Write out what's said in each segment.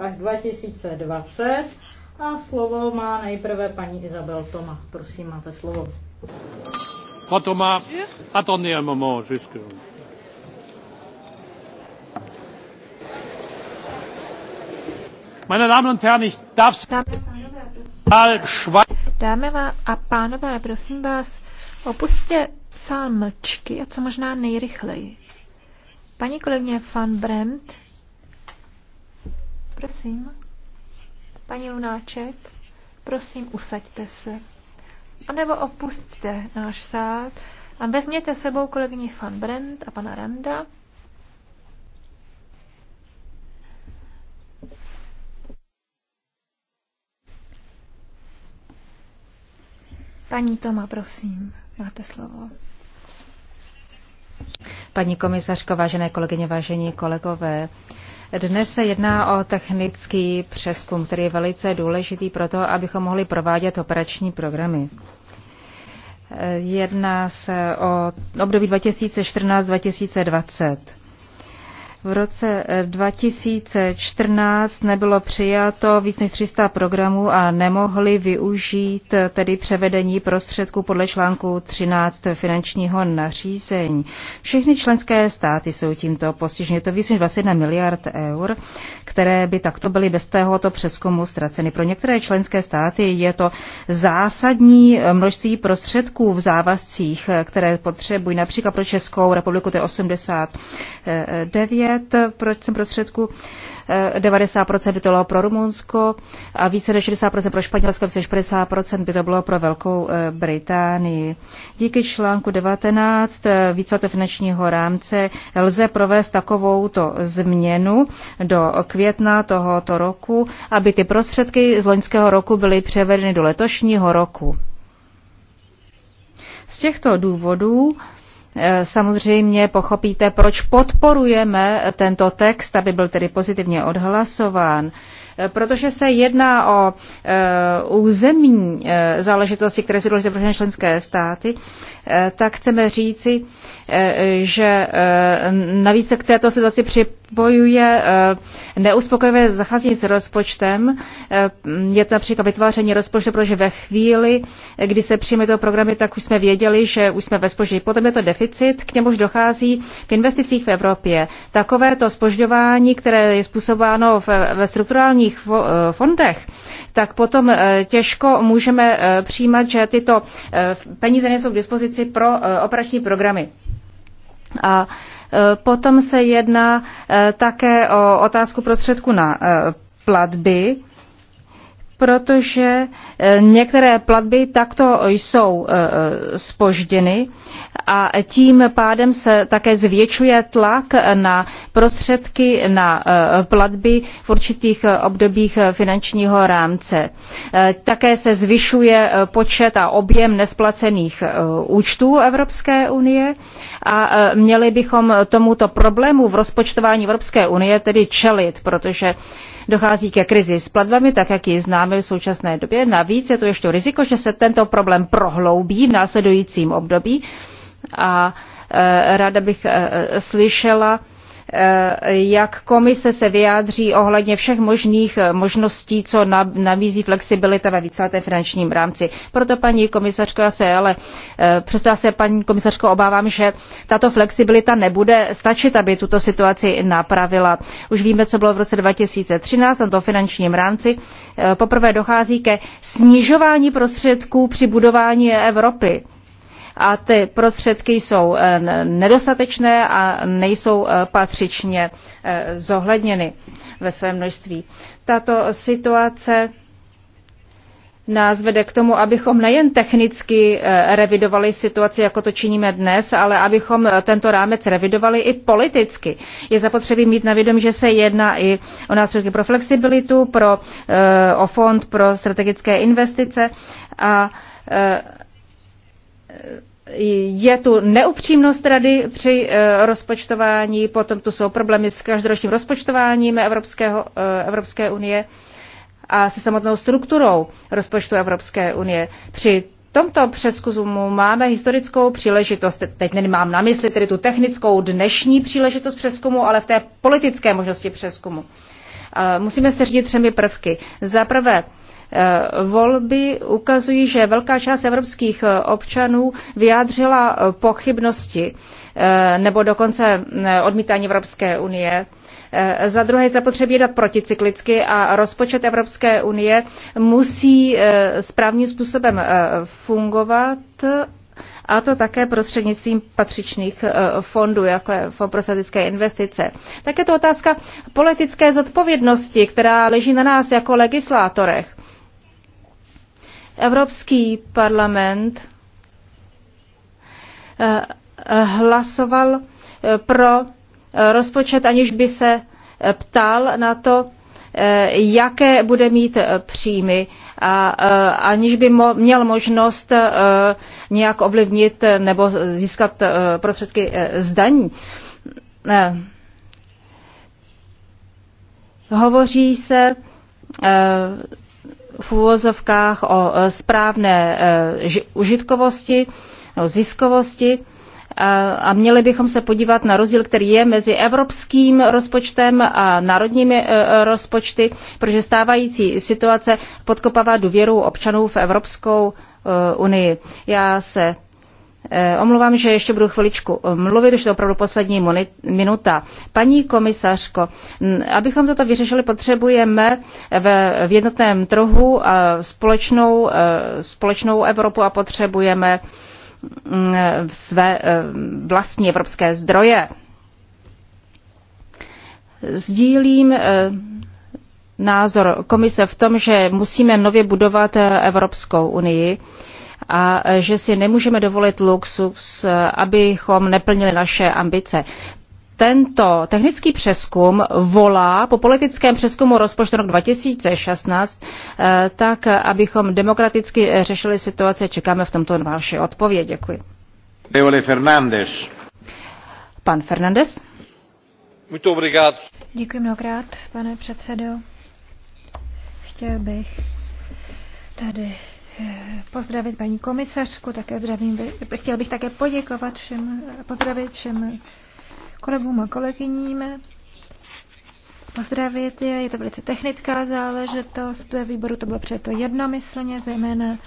až 2020. A slovo má nejprve paní Izabel Toma. Prosím, máte slovo. Toma, attendez un moment, juste. Meine Damen und Herren, ich darf Dámy a pánové, prosím vás, opustě sál mlčky a co možná nejrychleji. Paní kolegyně van Bremt Prosím. Paní Lunáček, prosím, usaďte se. A nebo opustte náš sád a vezměte sebou kolegyni Van Brent a pana Randa. Paní Toma, prosím, máte slovo. Paní komisařko, vážené kolegyně, vážení kolegové, dnes se jedná o technický přeskum, který je velice důležitý pro to, abychom mohli provádět operační programy. Jedná se o období 2014-2020. V roce 2014 eh, nebylo přijato víc než 300 programů a nemohli využít eh, tedy převedení prostředků podle článku 13 finančního nařízení. Všechny členské státy jsou tímto postiženy. Je to víc než 21 miliard eur, které by takto byly bez tohoto přeskumu ztraceny. Pro některé členské státy je to zásadní eh, množství prostředků v závazcích, které potřebují. Například pro Českou republiku to je 89 opět prostředků 90% eh, by to bylo pro Rumunsko a více než 60% pro Španělsko, více než 50% by to bylo pro Velkou eh, Británii. Díky článku 19 eh, víceletého finančního rámce lze provést takovouto změnu do května tohoto roku, aby ty prostředky z loňského roku byly převedeny do letošního roku. Z těchto důvodů Eh, samozřejmě pochopíte, proč podporujeme tento text, aby byl tedy pozitivně odhlasován. Eh, protože se jedná o eh, územní záležitosti, které se důležité pro členské státy, tak chceme říci, že navíc k této situaci při bojuje eh, neuspokojivé zacházení s rozpočtem. Eh, je to například vytváření rozpočtu, protože ve chvíli, kdy se přijme to programy, tak už jsme věděli, že už jsme ve spoždění. Potom je to deficit, k němuž dochází v investicích v Evropě. Takové to spožďování, které je způsobováno ve strukturálních eh, fondech, tak potom těžko můžeme přijímat, že tyto peníze nejsou k dispozici pro operační programy. A Eh, potom se jedná eh, také o otázku prostředku na eh, platby protože eh, některé platby takto jsou spožděny eh, eh, a tím pádem se také zvětšuje tlak na prostředky na platby v určitých obdobích finančního rámce. Také se zvyšuje počet a objem nesplacených účtů Evropské unie a měli bychom tomuto problému v rozpočtování Evropské unie tedy čelit, protože dochází ke krizi s platbami, tak jak ji známe v současné době. Navíc je to ještě riziko, že se tento problém prohloubí v následujícím období. A e, ráda bych e, e, slyšela Eh, jak komise se vyjádří ohledně všech možných eh, možností, co nabízí flexibilita ve víceleté finančním rámci. Proto paní komisařko, já se ale eh, přesto se paní komisařko obávám, že tato flexibilita nebude stačit, aby tuto situaci napravila. Už víme, co bylo v roce 2013 na to finančním rámci. Poprvé dochází ke snižování prostředků při budování Evropy a ty prostředky jsou eh, nedostatečné a nejsou eh, patřičně eh, zohledněny ve svém množství. Tato situace nás vede k tomu, abychom nejen technicky revidovali situaci, jako to činíme dnes, ale abychom tento rámec revidovali i politicky. Je zapotřebí mít na vědomí, že se jedná i o nástroje pro flexibilitu, pro, o fond pro strategické investice a je tu neupřímnost rady při eh, rozpočtování, potom tu jsou problémy s každoročním rozpočtováním Evropského, eh, Evropské unie a se samotnou strukturou rozpočtu Evropské unie. Při tomto přeskumu máme historickou příležitost, teď nemám na mysli tedy tu technickou dnešní příležitost přeskumu, ale v té politické možnosti přeskumu. Eh, musíme se řídit třemi prvky. Za prvé, Eh, volby ukazují, že velká část evropských eh, občanů vyjádřila eh, pochybnosti nebo dokonce odmítání Evropské unie. Za druhé zapotřebí dát proticyklicky a rozpočet Evropské unie musí správným způsobem fungovat a to také prostřednictvím patřičných fondů, jako je Fond pro statické investice. Tak je to otázka politické zodpovědnosti, která leží na nás jako legislátorech. Evropský parlament eh, hlasoval eh, pro eh, rozpočet, aniž by se ptal na to, jaké bude mít příjmy a aniž by mo, měl možnost nějak ovlivnit nebo získat prostředky zdaní. Hovoří se v úvozovkách o e, správné e, užitkovosti, o ziskovosti e, a měli bychom se podívat na rozdíl, který je mezi evropským rozpočtem a národními rozpočty, protože stávající situace podkopává důvěru občanů v Evropskou unii. Já se Eh, omlouvám, že ještě budu chviličku eh, mluvit, už to je opravdu poslední minuta. Paní komisařko, abychom toto vyřešili, potřebujeme v jednotném trhu eh, společnou, společnou Evropu a potřebujeme mm, své vlastní evropské zdroje. Sdílím názor komise v tom, že musíme nově budovat Evropskou unii a že si nemůžeme dovolit luxus, abychom neplnili naše ambice. Tento technický přeskum volá po politickém přeskumu rozpočtu rok 2016, eh, tak abychom demokraticky řešili situaci. Čekáme v tomto na vaši odpověď. Děkuji. Fernández. Pan Fernandez. Děkuji mnohokrát, pane předsedo. Chtěl bych tady pozdravit paní komisařku, také zdravím, chtěl bych také poděkovat všem, pozdravit všem kolegům a kolegyním, pozdravit je, je to velice technická záležitost, ve výboru to bylo přijeto jednomyslně, zejména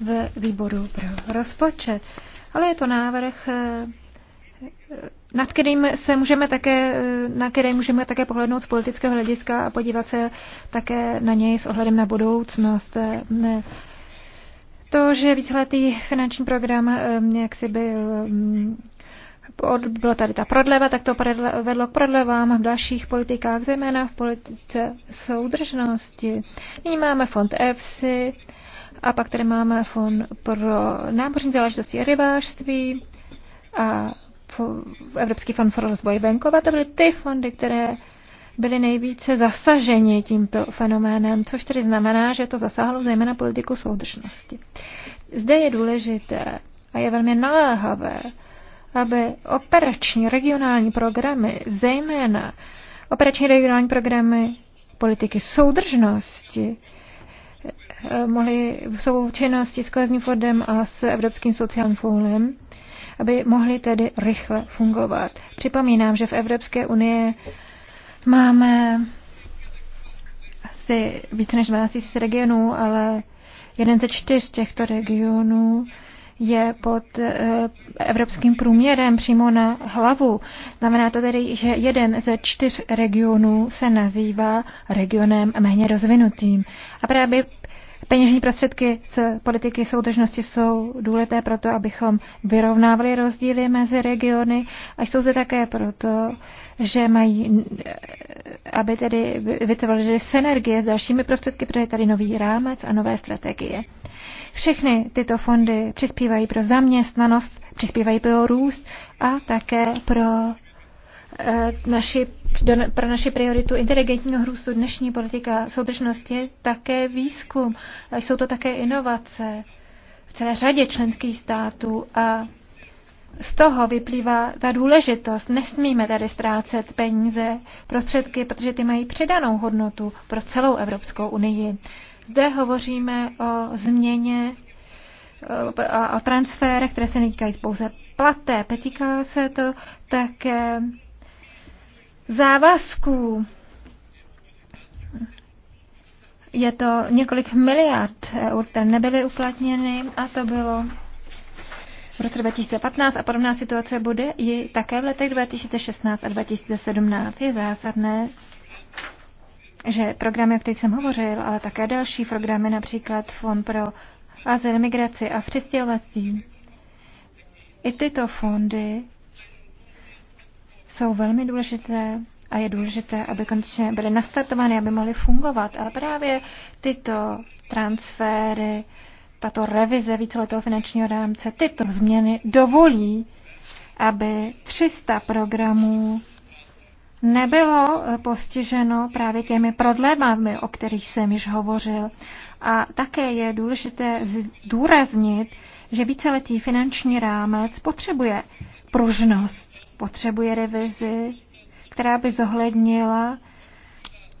v výboru pro rozpočet, ale je to návrh nad kterým se můžeme také, na který můžeme také pohlednout z politického hlediska a podívat se také na něj s ohledem na budoucnost. Ne, to, že víceletý finanční program jak si byl byla tady ta prodleva, tak to vedlo k prodlevám v dalších politikách, zejména v politice soudržnosti. Nyní máme fond EFSI a pak tady máme fond pro námořní záležitosti a rybářství a Evropský fond pro rozvoj venkova. To byly ty fondy, které byli nejvíce zasaženi tímto fenoménem, což tedy znamená, že to zasáhlo zejména politiku soudržnosti. Zde je důležité a je velmi naléhavé, aby operační regionální programy, zejména operační regionální programy politiky soudržnosti, eh, mohly v součinnosti s Kozním fondem a s Evropským sociálním fondem, aby mohly tedy rychle fungovat. Připomínám, že v Evropské unii Máme asi více než 12 000 regionů, ale jeden ze čtyř těchto regionů je pod eh, evropským průměrem přímo na hlavu. Znamená to tedy, že jeden ze čtyř regionů se nazývá regionem méně rozvinutým. A právě Peněžní prostředky z politiky soudržnosti jsou důležité proto, abychom vyrovnávali rozdíly mezi regiony a jsou zde také proto, že mají, aby tedy vytvořili synergie s dalšími prostředky, protože je tady nový rámec a nové strategie. Všechny tyto fondy přispívají pro zaměstnanost, přispívají pro růst a také pro Eh, naši, do, pro naši prioritu inteligentního růstu dnešní politika soudržnosti také výzkum. Jsou to také inovace v celé řadě členských států a z toho vyplývá ta důležitost. Nesmíme tady ztrácet peníze, prostředky, protože ty mají přidanou hodnotu pro celou Evropskou unii. Zde hovoříme o změně eh, a o transférech, které se netýkají pouze platé. Týká se to také závazků. Je to několik miliard eur, které nebyly uplatněny a to bylo v roce 2015 a podobná situace bude i také v letech 2016 a 2017. Je zásadné, že programy, o kterých jsem hovořil, ale také další programy, například Fond pro azyl, migraci a přistěhovací, i tyto fondy jsou velmi důležité a je důležité, aby konečně byly nastartovány, aby mohly fungovat. A právě tyto transfery, tato revize víceletého finančního rámce, tyto změny dovolí, aby 300 programů nebylo eh, postiženo právě těmi prodlémami, o kterých jsem již hovořil. A také je důležité zdůraznit, že víceletý finanční rámec potřebuje pružnost potřebuje revizi, která by zohlednila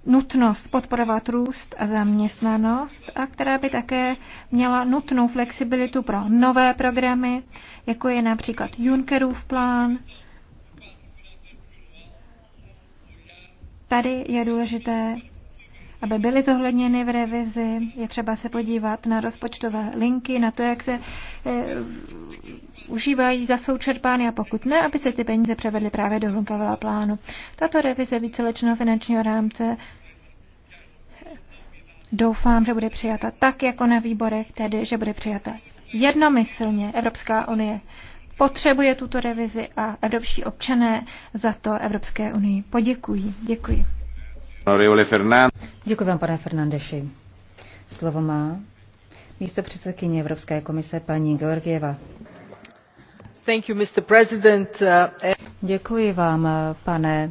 nutnost podporovat růst a zaměstnanost a která by také měla nutnou flexibilitu pro nové programy, jako je například Junckerův plán. Tady je důležité aby byly zohledněny v revizi. Je třeba se podívat na rozpočtové linky, na to, jak se eh, užívají, za jsou čerpány a pokud ne, aby se ty peníze převedly právě do Hlunkavela plánu. Tato revize vícelečného finančního rámce doufám, že bude přijata tak, jako na výborech, tedy, že bude přijata jednomyslně Evropská unie potřebuje tuto revizi a evropští občané za to Evropské unii poděkují. Děkuji. Děkuji vám, pane Fernandeši. Slovo má místo předsedkyně Evropské komise paní Georgieva. Thank you, Mr. President. Děkuji vám, pane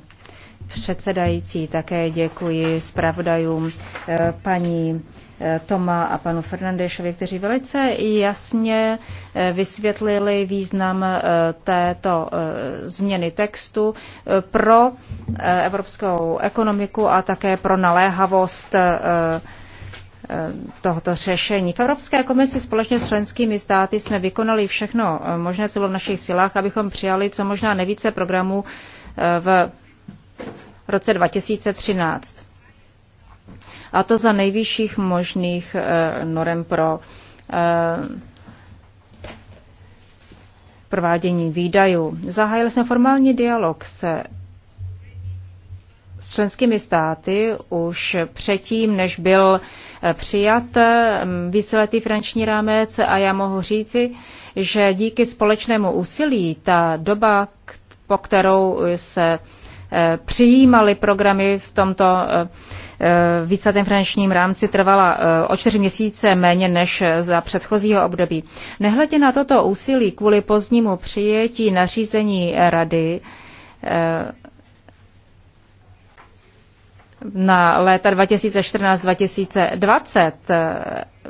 předsedající. Také děkuji zpravodajům eh, paní Eh, Toma a panu Fernandešovi, kteří velice jasně eh, vysvětlili význam eh, této změny textu pro evropskou ekonomiku a také pro naléhavost tohoto řešení. V Evropské komisi společně s členskými státy jsme vykonali všechno možné, co bylo v našich silách, abychom přijali co možná nejvíce programů v roce 2013 a to za nejvyšších možných eh, norem pro eh, provádění výdajů. Zahájil jsem formální dialog se s členskými státy už předtím, než byl eh, přijat mm, víceletý finanční rámec a já mohu říci, že díky společnému úsilí ta doba, po kterou se přijímaly programy v tomto Eh, víceletém finančním rámci trvala eh, o čtyři měsíce méně než za předchozího období. Nehledě na toto úsilí kvůli pozdnímu přijetí nařízení rady eh, na léta 2014-2020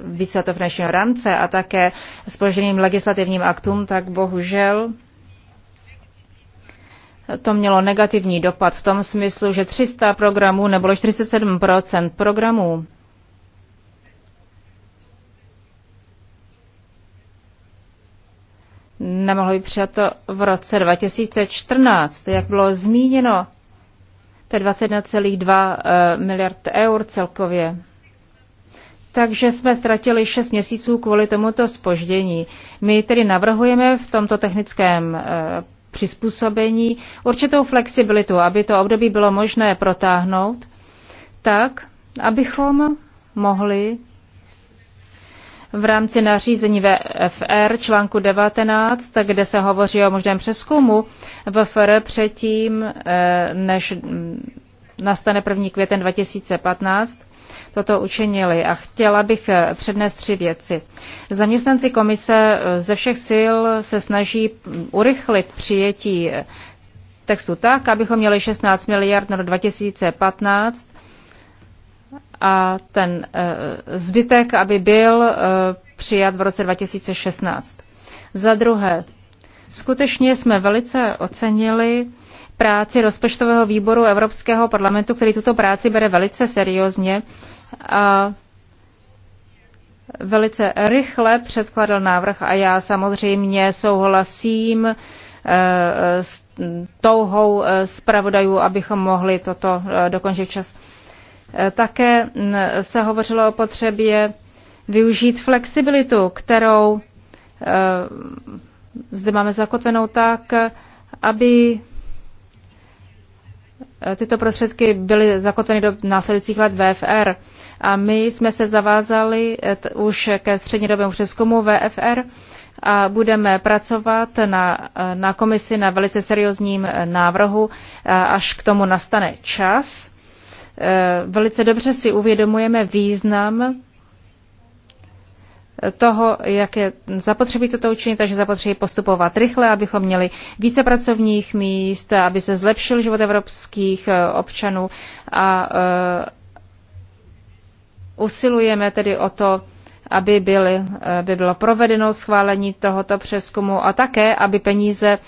víceletého finančního rámce a také spoženým legislativním aktům, tak bohužel to mělo negativní dopad v tom smyslu, že 300 programů nebo 47 programů nemohlo být přijato v roce 2014, jak bylo zmíněno, to je 21,2 eh, miliard eur celkově. Takže jsme ztratili 6 měsíců kvůli tomuto spoždění. My tedy navrhujeme v tomto technickém eh, přizpůsobení určitou flexibilitu, aby to období bylo možné protáhnout, tak, abychom mohli v rámci nařízení VFR článku 19, kde se hovoří o možném přeskumu VFR předtím, eh, než mm, nastane 1. květen 2015, toto učinili. A chtěla bych eh, přednést tři věci. Zaměstnanci komise eh, ze všech sil se snaží urychlit přijetí eh, textu tak, abychom měli 16 miliard na 2015 a ten zbytek, aby byl přijat v roce 2016. Za druhé, skutečně jsme velice ocenili práci rozpočtového výboru Evropského parlamentu, který tuto práci bere velice seriózně a velice rychle předkladal návrh a já samozřejmě souhlasím eh, s touhou eh, zpravodajů, abychom mohli toto eh, dokončit čas. Také mm, se hovořilo o potřebě využít flexibilitu, kterou zde máme zakotvenou tak, aby Eh, tyto prostředky byly zakotveny do následujících let VFR. A my jsme se zavázali eh, už ke střednědobému přeskumu VFR a budeme pracovat na, eh, na komisi na velice seriózním návrhu, až k tomu nastane čas. Velice dobře si uvědomujeme význam toho, jak je zapotřebí toto učinit, takže zapotřebí postupovat rychle, abychom měli více pracovních míst, aby se zlepšil život evropských eh, občanů a eh, usilujeme tedy o to, aby, byly, eh, by bylo provedeno schválení tohoto přeskumu a také, aby peníze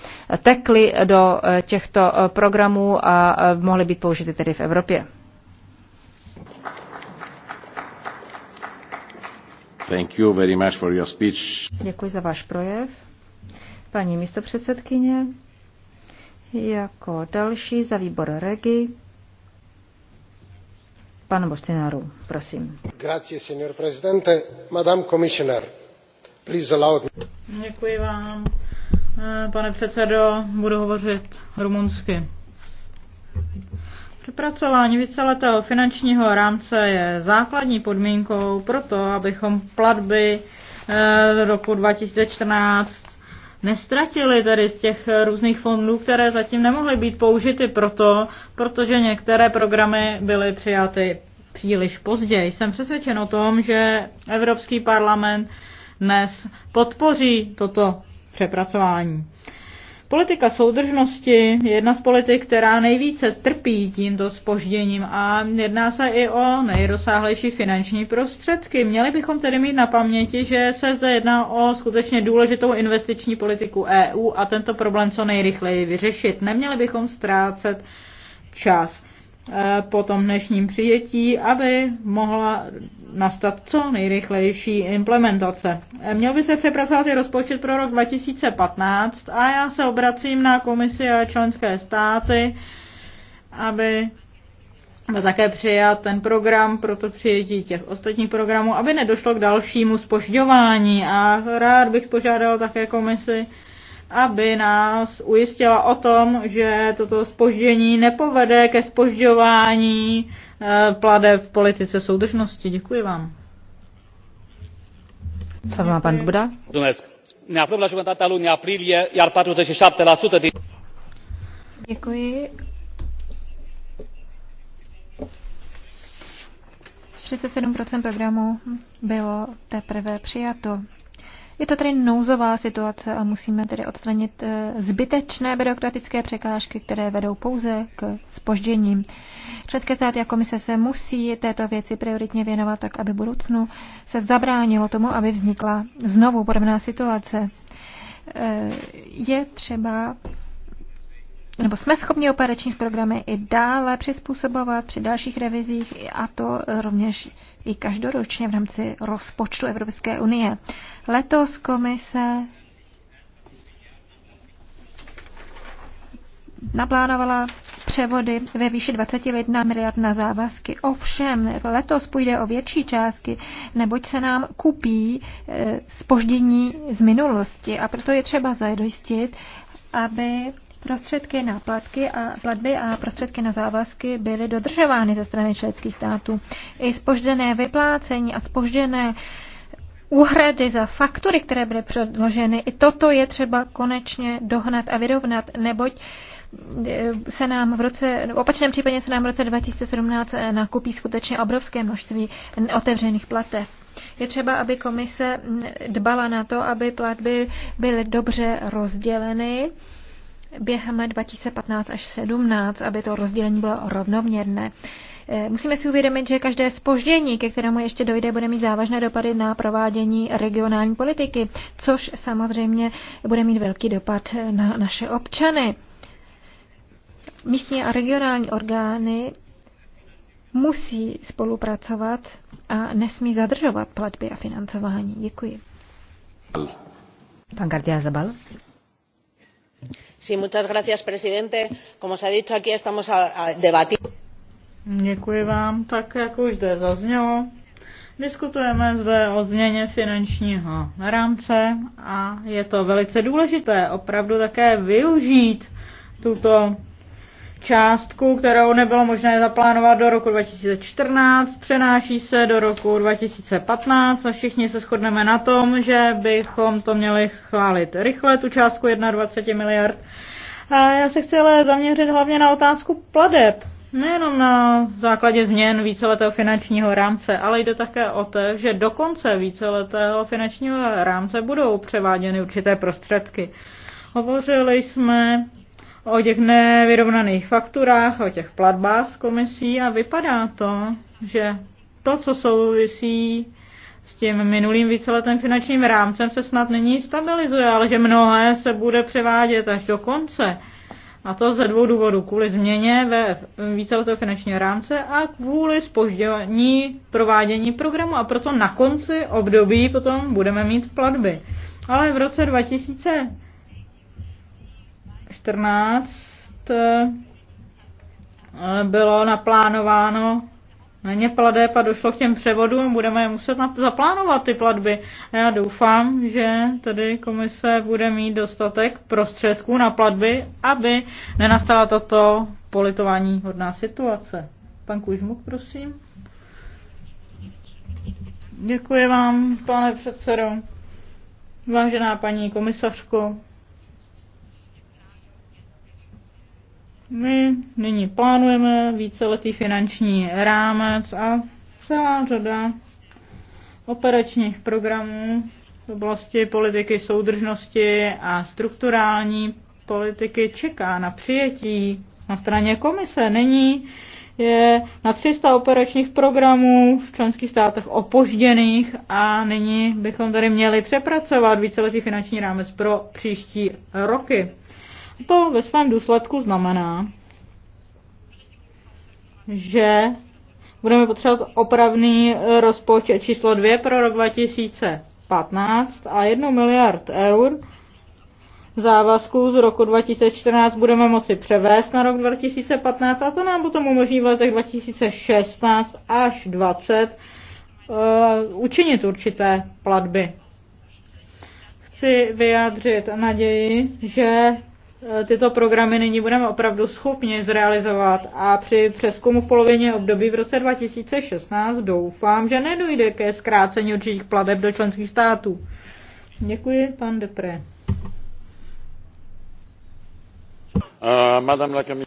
tekly do těchto programů a mohly být použity tedy v Evropě. Děkuji za váš projev. Paní místopředsedkyně, jako další za výbor Regi, pan Bostináru, prosím. Grazie, signor presidente. Madame commissioner, please allow me. Děkuji vám. Eh, pane předsedo, budu hovořit rumunsky. Vypracování víceletého finančního rámce je základní podmínkou pro to, abychom platby eh, z roku 2014 nestratili tedy z těch různých fondů, které zatím nemohly být použity proto, protože některé programy byly přijaty příliš pozdě. Jsem přesvědčen o tom, že Evropský parlament dnes podpoří toto přepracování. Politika soudržnosti je jedna z politik, která nejvíce trpí tímto spožděním a jedná se i o nejrozsáhlejší finanční prostředky. Měli bychom tedy mít na paměti, že se zde jedná o skutečně důležitou investiční politiku EU a tento problém co nejrychleji vyřešit. Neměli bychom ztrácet čas. Eh, po tom dnešním přijetí, aby mohla nastat co nejrychlejší implementace. Eh, měl by se přepracovat i rozpočet pro rok 2015 a já se obracím na komisi a členské státy, aby také přijat ten program pro to přijetí těch ostatních programů, aby nedošlo k dalšímu spožďování. A rád bych požádal také komisi, aby nás ujistila o tom, že toto spoždění nepovede ke spožďování eh, plade v politice soudržnosti. Děkuji vám. Co má pan Gubda? Děkuji. 47% programu bylo teprve přijato. Je to tedy nouzová situace a musíme tedy odstranit eh, zbytečné byrokratické překážky, které vedou pouze k spožděním. České státy a komise se musí této věci prioritně věnovat tak, aby budoucnu se zabránilo tomu, aby vznikla znovu podobná situace. Eh, je třeba nebo jsme schopni operačních programy i dále přizpůsobovat při dalších revizích a to rovněž i každoročně v rámci rozpočtu Evropské unie. Letos komise naplánovala převody ve výši 21 miliard na závazky. Ovšem, letos půjde o větší částky, neboť se nám kupí spoždění eh, z minulosti a proto je třeba zajistit, aby Prostředky na platky a platby a prostředky na závazky byly dodržovány ze strany členských států. I spožděné vyplácení a spožděné úhrady za faktury, které byly předloženy, i toto je třeba konečně dohnat a vyrovnat, neboť eh, se nám v roce, v opačném případě se nám v roce 2017 eh, nakupí skutečně obrovské množství otevřených plateb. Je třeba, aby komise mm, dbala na to, aby platby byly dobře rozděleny během 2015 až 2017, aby to rozdělení bylo rovnoměrné. Eh, musíme si uvědomit, že každé spoždění, ke kterému ještě dojde, bude mít závažné dopady na provádění regionální politiky, což samozřejmě bude mít velký dopad na naše občany. Místní a regionální orgány musí spolupracovat a nesmí zadržovat platby a financování. Děkuji. Pan Gardia Zabal señor presidente como se ha dicho aquí estamos debatiendo. vám. diskutujeme zde o změně finančního a je to velice důležité opravdu také využít tuto částku, kterou nebylo možné zaplánovat do roku 2014, přenáší se do roku 2015 a všichni se shodneme na tom, že bychom to měli chválit rychle, tu částku 21 miliard. A já se chci ale zaměřit hlavně na otázku pladeb. Nejenom na základě změn víceletého finančního rámce, ale jde také o to, že do konce víceletého finančního rámce budou převáděny určité prostředky. Hovořili jsme o těch nevyrovnaných fakturách, o těch platbách z komisí a vypadá to, že to, co souvisí s tím minulým víceletým finančním rámcem, se snad není stabilizuje, ale že mnohé se bude převádět až do konce. A to ze dvou důvodů. Kvůli změně ve víceletého finančního rámce a kvůli spoždění provádění programu. A proto na konci období potom budeme mít platby. Ale v roce 2000 14 eh, bylo naplánováno méně pladeb a došlo k těm převodům, budeme muset zaplánovat ty platby. A já doufám, že tedy komise bude mít dostatek prostředků na platby, aby nenastala toto politování hodná situace. Pan Kužmuk, prosím. Děkuji vám, pane předsedo. Vážená paní komisařko, My nyní plánujeme víceletý finanční rámec a celá řada operačních programů v oblasti politiky soudržnosti a strukturální politiky čeká na přijetí na straně komise. Není je na 300 operačních programů v členských státech opožděných a nyní bychom tady měli přepracovat víceletý finanční rámec pro příští roky. To ve svém důsledku znamená, že budeme potřebovat opravný rozpočet číslo 2 pro rok 2015 a 1 miliard eur závazků z roku 2014 budeme moci převést na rok 2015 a to nám potom umožní v letech 2016 až 20 uh, eh, učinit určité platby. Chci vyjádřit naději, že Eh, tyto programy nyní budeme opravdu schopni zrealizovat a při přeskumu v polovině období v roce 2016 doufám, že nedojde ke zkrácení určitých plateb do členských států. Děkuji, pan Depré. Eh,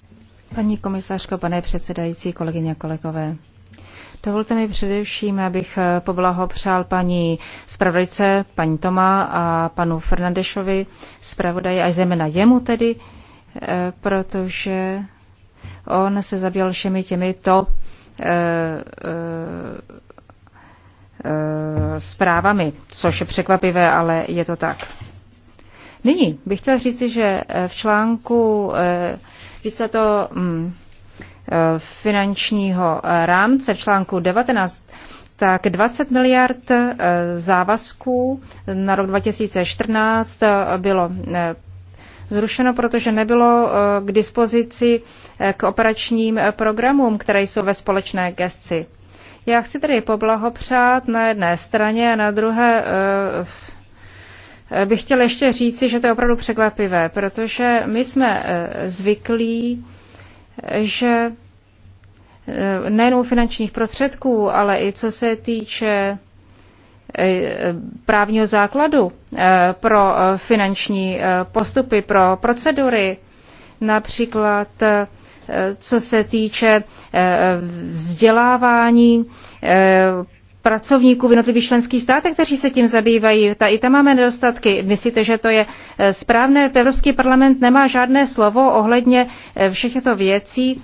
Paní komisařko, pane předsedající, kolegyně a kolegové. Dovolte mi především, abych eh, poblahopřál paní zpravodajce, paní Toma a panu Fernandešovi, zpravodaji a zejména jemu tedy, eh, protože on se zabýval všemi to eh, zprávami, což je překvapivé, ale je to tak. Nyní bych chtěla říci, že v článku více to mm, finančního rámce v článku 19, tak 20 miliard eh, závazků na rok 2014 eh, bylo eh, zrušeno, protože nebylo k dispozici k operačním programům, které jsou ve společné gesci. Já chci tedy poblahopřát na jedné straně a na druhé bych chtěl ještě říci, že to je opravdu překvapivé, protože my jsme zvyklí že eh, nejenom finančních prostředků, ale i co se týče eh, právního základu eh, pro finanční postupy, pro procedury, například co se týče vzdělávání pracovníků v jednotlivých členských státech, kteří se tím zabývají. Ta, I tam máme nedostatky. Myslíte, že to je eh, správné? Evropský parlament nemá žádné slovo ohledně eh, všech těchto věcí.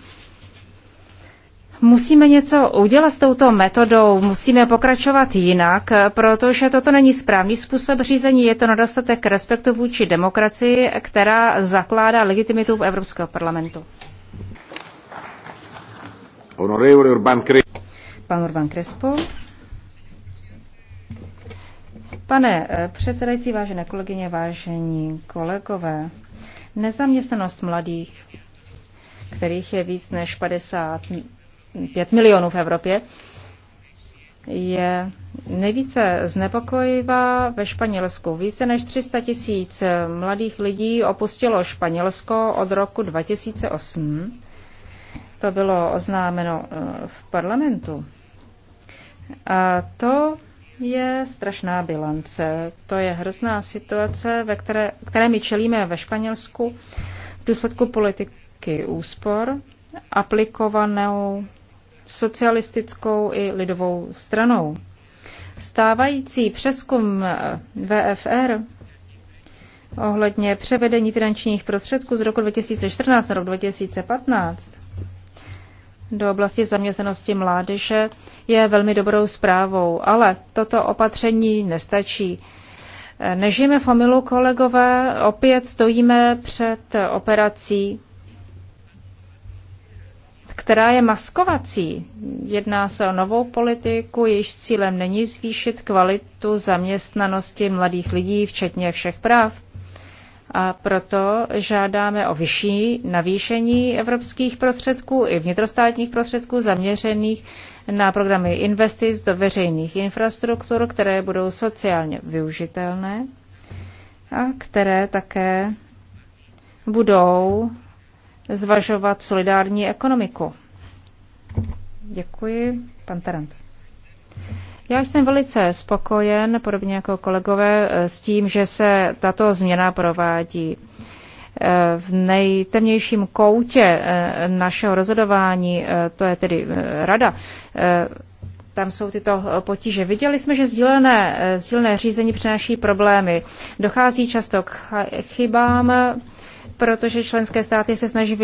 Musíme něco udělat s touto metodou, musíme pokračovat jinak, eh, protože toto není správný způsob řízení, je to nedostatek respektu vůči demokracii, která zakládá legitimitu v Evropského parlamentu. Urban Pan Urban Crespo. Pane eh, předsedající, vážené kolegyně, vážení kolegové, nezaměstnanost mladých, kterých je víc než 55 milionů v Evropě, je nejvíce znepokojivá ve Španělsku. Více než 300 tisíc mladých lidí opustilo Španělsko od roku 2008. To bylo oznámeno eh, v parlamentu. A to je strašná bilance. To je hrozná situace, ve které, které my čelíme ve Španělsku v důsledku politiky úspor aplikovanou socialistickou i lidovou stranou. Stávající přeskum VFR ohledně převedení finančních prostředků z roku 2014 na rok 2015 do oblasti zaměstnanosti mládeže je velmi dobrou zprávou, ale toto opatření nestačí. Nežijeme v omilu, kolegové, opět stojíme před operací, která je maskovací. Jedná se o novou politiku, jejíž cílem není zvýšit kvalitu zaměstnanosti mladých lidí, včetně všech práv a proto žádáme o vyšší navýšení evropských prostředků i vnitrostátních prostředků zaměřených na programy investic do veřejných infrastruktur, které budou sociálně využitelné a které také budou zvažovat solidární ekonomiku. Děkuji, pan Tarant. Já jsem velice spokojen, podobně jako kolegové, eh, s tím, že se tato změna provádí. Eh, v nejtemnějším koutě eh, našeho rozhodování, to je tedy rada, tam jsou tyto potíže. Viděli jsme, že sdílené, sdílené řízení přináší problémy. Dochází často k chybám, protože členské státy se snaží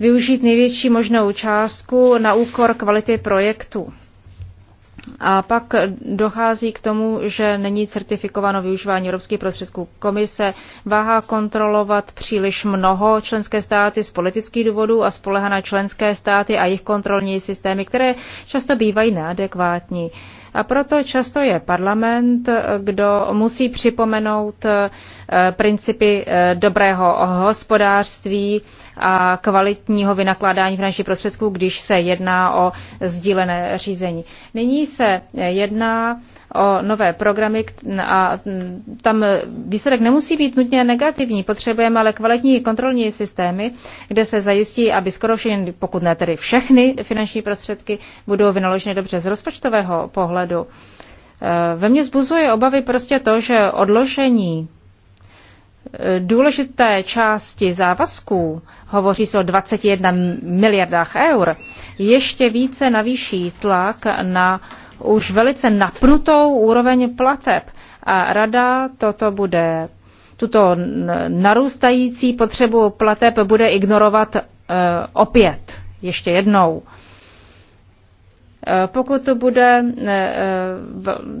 využít největší možnou částku na úkor kvality projektu. A pak dochází k tomu, že není certifikováno využívání evropských prostředků. Komise váhá kontrolovat příliš mnoho členské státy z politických důvodů a spolehá na členské státy a jejich kontrolní systémy, které často bývají neadekvátní. A proto často je parlament, kdo musí připomenout eh, principy eh, dobrého hospodářství a kvalitního vynakládání finančních prostředků, když se jedná o sdílené řízení. Nyní se jedná o nové programy a tam výsledek nemusí být nutně negativní. Potřebujeme ale kvalitní kontrolní systémy, kde se zajistí, aby skoro všechny, pokud ne tedy všechny finanční prostředky, budou vynaloženy dobře z rozpočtového pohledu. Eh, ve mně zbuzuje obavy prostě to, že odložení eh, důležité části závazků, hovoří se o 21 miliardách eur, ještě více navýší tlak na už velice napnutou úroveň plateb. A rada toto bude, tuto narůstající potřebu plateb bude ignorovat uh, opět, ještě jednou. E, pokud to bude e,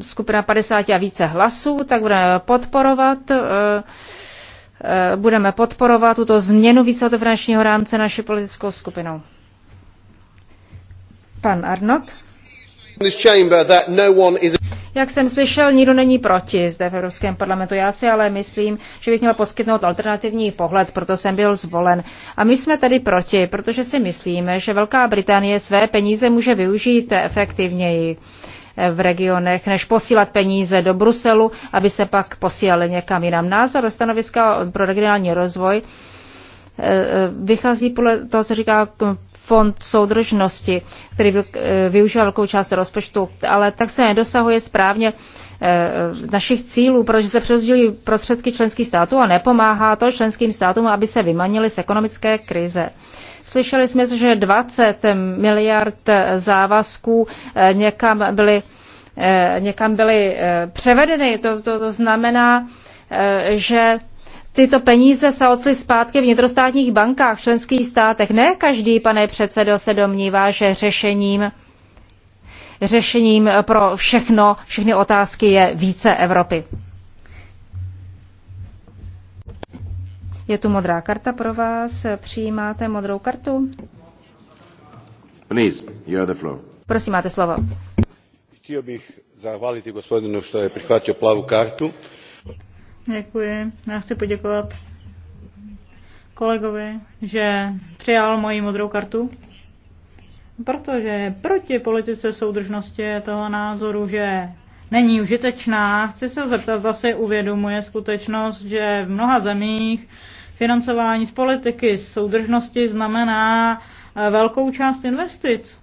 skupina 50 a více hlasů, tak budeme podporovat budeme podporovat tuto změnu víceletého finančního rámce naší politickou skupinou. Pan Arnott. No Jak jsem slyšel, nikdo není proti zde v Evropském parlamentu. Já si ale myslím, že bych měl poskytnout alternativní pohled, proto jsem byl zvolen. A my jsme tady proti, protože si myslíme, že Velká Británie své peníze může využít efektivněji v regionech, než posílat peníze do Bruselu, aby se pak posílali někam jinam. Názor stanoviska pro regionální rozvoj eh, eh, vychází podle toho, co říká fond soudržnosti, který eh, využívá velkou část rozpočtu, ale tak se nedosahuje správně eh, našich cílů, protože se přerozdělí prostředky členských států a nepomáhá to členským státům, aby se vymanili z ekonomické krize. Slyšeli jsme, že 20 miliard závazků eh, někam byly, někam byly převedeny. To, to, to znamená, že tyto peníze se ocly zpátky v vnitrostátních bankách v členských státech. Ne každý, pane předsedo, se domnívá, že řešením řešením pro všechno, všechny otázky je více Evropy. Je tu modrá karta pro vás. Přijímáte modrou kartu? Please, you have the floor. Prosím, máte slovo. Chtěl bych zahvalit gospodinu, že je přichvátil plavou kartu. Děkuji. Já chci poděkovat kolegovi, že přijal moji modrou kartu, protože proti politice soudržnosti je toho názoru, že není užitečná. Chci se zeptat, zda si uvědomuje skutečnost, že v mnoha zemích financování z politiky soudržnosti znamená eh, velkou část investic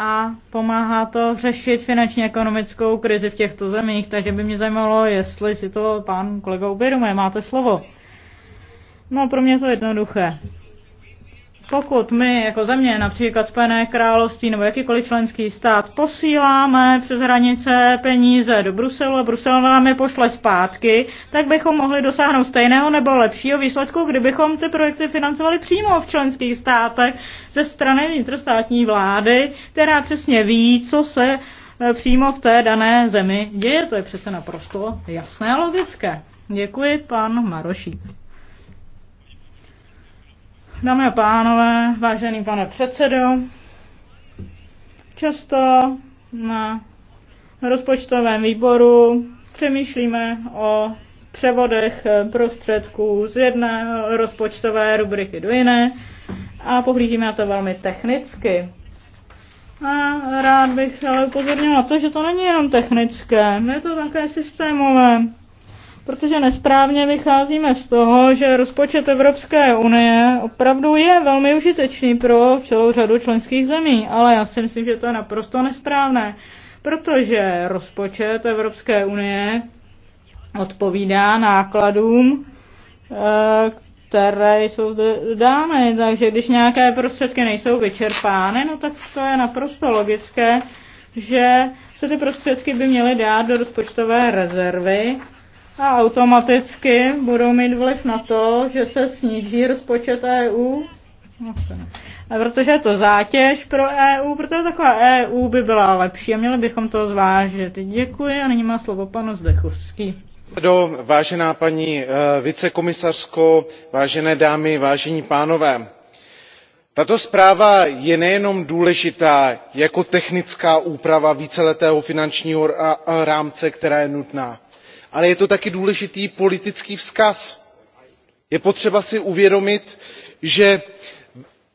a pomáhá to řešit finančně ekonomickou krizi v těchto zemích, takže by mě zajímalo, jestli si to pán kolega uvědomuje. Máte slovo. No, pro mě to je jednoduché. Pokud my jako země, například Spojené království nebo jakýkoliv členský stát, posíláme přes hranice peníze do Bruselu a Brusel nám je pošle zpátky, tak bychom mohli dosáhnout stejného nebo lepšího výsledku, kdybychom ty projekty financovali přímo v členských státech ze strany vnitrostátní vlády, která přesně ví, co se e, přímo v té dané zemi děje. To je přece naprosto jasné a logické. Děkuji, pan Marošík. Dámy a pánové, vážený pane předsedo, často na rozpočtovém výboru přemýšlíme o převodech prostředků z jedné rozpočtové rubriky do jiné a pohlížíme na to velmi technicky. A rád bych ale upozornil na to, že to není jenom technické, je to také systémové protože nesprávně vycházíme z toho, že rozpočet Evropské unie opravdu je velmi užitečný pro celou řadu členských zemí, ale já si myslím, že to je naprosto nesprávné, protože rozpočet Evropské unie odpovídá nákladům, eh, které jsou dány. Takže když nějaké prostředky nejsou vyčerpány, no tak to je naprosto logické, že se ty prostředky by měly dát do rozpočtové rezervy, a automaticky budou mít vliv na to, že se sníží rozpočet EU. A protože je to zátěž pro EU, protože taková EU by byla lepší a měli bychom to zvážit. Děkuji a nyní má slovo panu Zdechovský. Do, vážená paní eh, vicekomisařko, vážené dámy, vážení pánové, tato zpráva je nejenom důležitá jako technická úprava víceletého finančního rámce, která je nutná ale je to také důležitý politický vzkaz. je potřeba si uvědomit že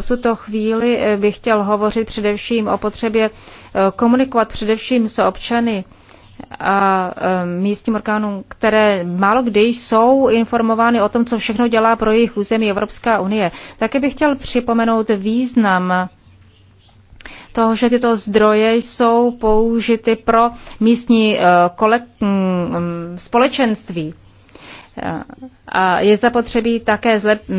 V tuto chvíli eh, bych chtěl hovořit především o potřebě eh, komunikovat především s občany a eh, místním orgánům, které málo kdy jsou informovány o tom, co všechno dělá pro jejich území Evropská unie. Také bych chtěl připomenout význam toho, že tyto zdroje jsou použity pro místní kole- mm, mm, společenství. A je zapotřebí také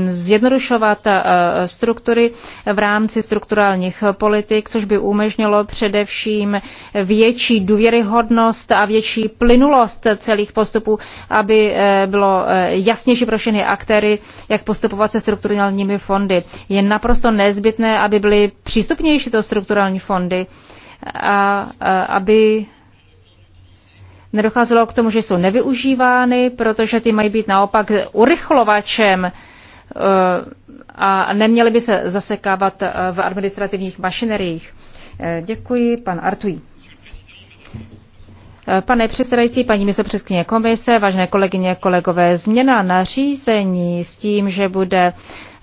zjednodušovat eh, struktury v rámci strukturálních politik, což by umožnilo především větší důvěryhodnost a větší plynulost celých postupů, aby eh, bylo eh, jasnější pro všechny aktéry, jak postupovat se strukturálními fondy. Je naprosto nezbytné, aby byly přístupnější to strukturální fondy a aby nedocházelo k tomu, že jsou nevyužívány, protože ty mají být naopak urychlovačem eh, a neměly by se zasekávat eh, v administrativních mašineriích. Eh, děkuji, pan Artují. Pane předsedající, paní místopředsedkyně komise, vážené kolegyně, kolegové, změna nařízení s tím, že bude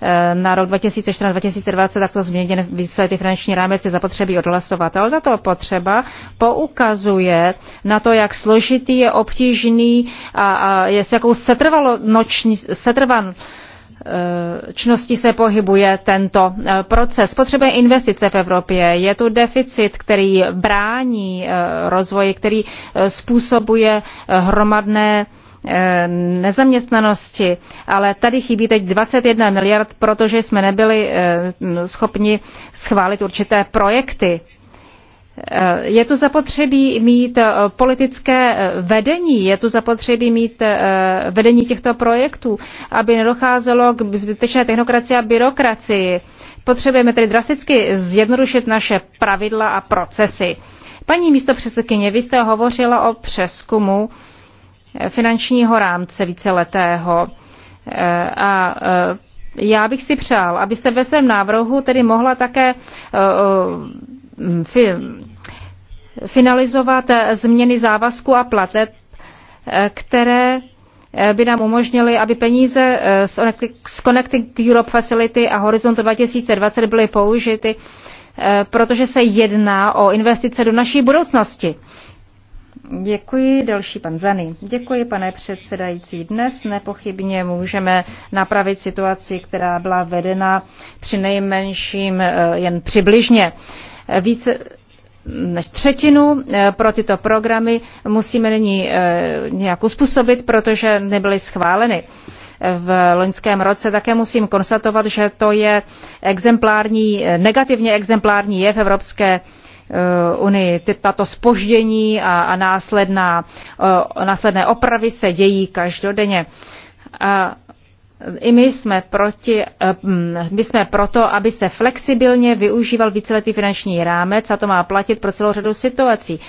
Eh, na rok 2014-2020 tak takto změněn výsledky finanční rámec je zapotřebí odhlasovat. Ale tato potřeba poukazuje na to, jak složitý je obtížný a, a je, s jakou setrvalo noční, setrvan eh, činnosti se pohybuje tento eh, proces. Potřebuje investice v Evropě. Je tu deficit, který brání rozvoji, který způsobuje hromadné Eh, nezaměstnanosti, ale tady chybí teď 21 miliard, protože jsme nebyli eh, schopni schválit určité projekty. Eh, je tu zapotřebí mít politické vedení, je tu zapotřebí mít vedení těchto projektů, aby nedocházelo k zbytečné technokracii a byrokracii. Potřebujeme tedy drasticky zjednodušit naše pravidla a procesy. Paní místo předsedkyně, vy jste hovořila o přeskumu finančního rámce víceletého. A e, já bych si přál, abyste ve svém návrhu tedy mohla také e, e, finalizovat změny závazku a plateb, které by nám umožnily, aby peníze z Connecting Europe Facility a Horizont 2020 byly použity, protože se jedná o investice do naší budoucnosti. Děkuji, další pan Zany. Děkuji, pane předsedající. Dnes nepochybně můžeme napravit situaci, která byla vedena při nejmenším eh, jen přibližně. Více, než třetinu eh, pro tyto programy musíme nyní eh, nějak uspůsobit, protože nebyly schváleny. V loňském roce také musím konstatovat, že to je exemplární, negativně exemplární je v Evropské Eh, unii. Tato spoždění a, a následná, eh, následné opravy se dějí každodenně. A i my jsme, proti, eh, mm, my jsme proto, aby se flexibilně využíval víceletý finanční rámec a to má platit pro celou řadu situací.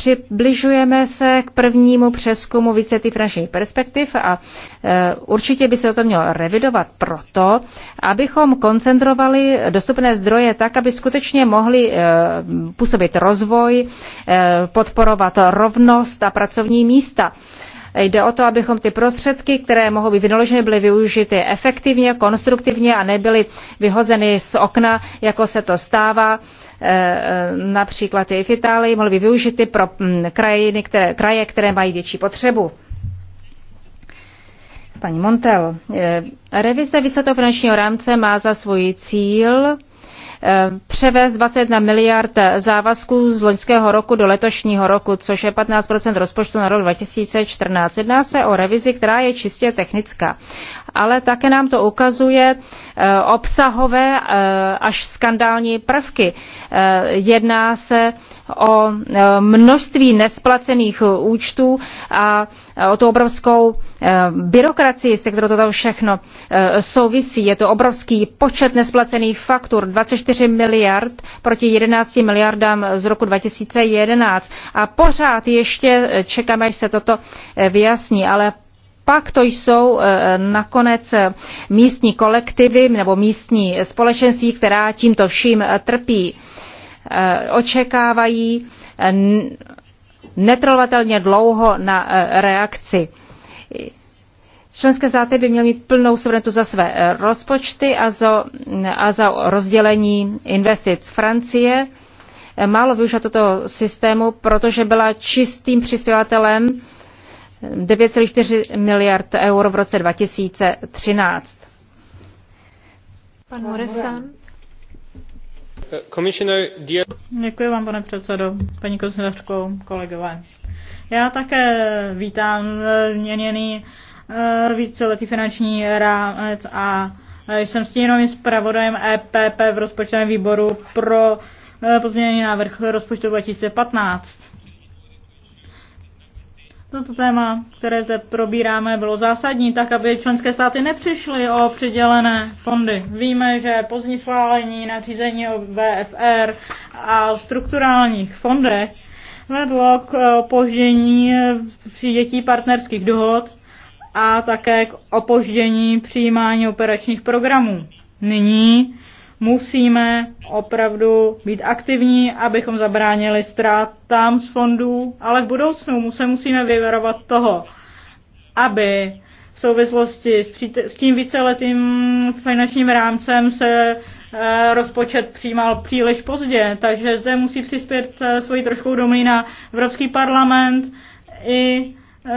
Přibližujeme se k prvnímu přeskumu víceletých finančních perspektiv a e, určitě by se o to mělo revidovat proto, abychom koncentrovali dostupné zdroje tak, aby skutečně mohli e, působit rozvoj, e, podporovat rovnost a pracovní místa. Jde o to, abychom ty prostředky, které mohou být vynaloženy, byly využity efektivně, konstruktivně a nebyly vyhozeny z okna, jako se to stává například i v Itálii, mohly být využity pro mm, krajiny, které, kraje, které mají větší potřebu. Paní Montel, eh, revize výsledného finančního rámce má za svůj cíl eh, převést 21 miliard závazků z loňského roku do letošního roku, což je 15 rozpočtu na rok 2014. Jedná se o revizi, která je čistě technická ale také nám to ukazuje eh, obsahové eh, až skandální prvky. Eh, jedná se o množství nesplacených účtů a o tu obrovskou byrokracii, se kterou toto všechno souvisí. Je to obrovský počet nesplacených faktur, 24 miliard proti 11 miliardám z roku 2011. A pořád ještě čekáme, až se toto vyjasní, ale pak to jsou eh, nakonec eh, místní kolektivy nebo místní společenství, která tímto vším eh, trpí. Očekávají netrvatelně dlouho na reakci. Členské státy by měly mít plnou suverenitu za své rozpočty a za, a za rozdělení investic. Francie málo využila toto systému, protože byla čistým přispěvatelem 9,4 miliard eur v roce 2013. Pan Moresan. Děkuji vám, pane předsedo, paní komisařko, kolegové. Já také vítám eh, měněný eh, víceletý finanční rámec a eh, jsem s tím zpravodajem EPP v rozpočtovém výboru pro pozměněný návrh rozpočtu 2015 Toto téma, které zde probíráme, bylo zásadní, tak aby členské státy nepřišly o přidělené fondy. Víme, že pozdní schválení nařízení o VFR a o strukturálních fondech vedlo k opoždění přijetí partnerských dohod a také k opoždění přijímání operačních programů. Nyní musíme opravdu být aktivní, abychom zabránili ztrátám z fondů, ale v budoucnu se musíme vyvarovat toho, aby v souvislosti s tím víceletým finančním rámcem se eh, rozpočet přijímal příliš pozdě, takže zde musí přispět eh, svoji trošku do mlína Evropský parlament i eh,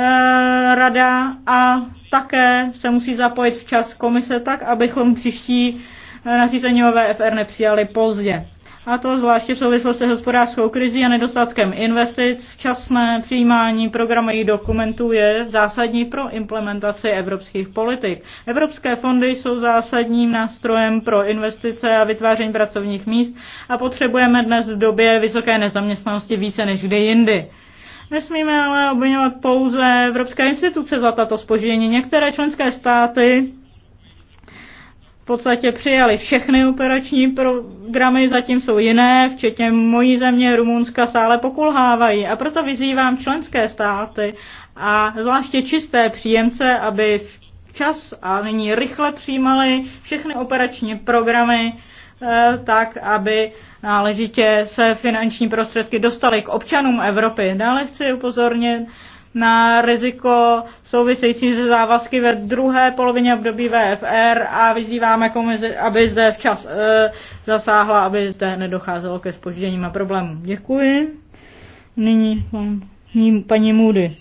rada a také se musí zapojit včas komise tak, abychom příští nařízení o VFR nepřijali pozdě. A to zvláště v souvislosti s hospodářskou krizí a nedostatkem investic. Včasné přijímání programových dokumentů je zásadní pro implementaci evropských politik. Evropské fondy jsou zásadním nástrojem pro investice a vytváření pracovních míst a potřebujeme dnes v době vysoké nezaměstnanosti více než kdy jindy. Nesmíme ale obvinovat pouze evropské instituce za tato spoždění. Některé členské státy v podstatě přijali všechny operační programy, zatím jsou jiné, včetně mojí země Rumunska stále pokulhávají. A proto vyzývám členské státy a zvláště čisté příjemce, aby včas a nyní rychle přijímali všechny operační programy, eh, tak, aby náležitě se finanční prostředky dostaly k občanům Evropy. Dále chci upozornit na riziko související se závazky ve druhé polovině období VFR a vyzýváme komisi, aby zde včas e, zasáhla, aby zde nedocházelo ke spožděním a problémům. Děkuji. Nyní pan, paní Moody.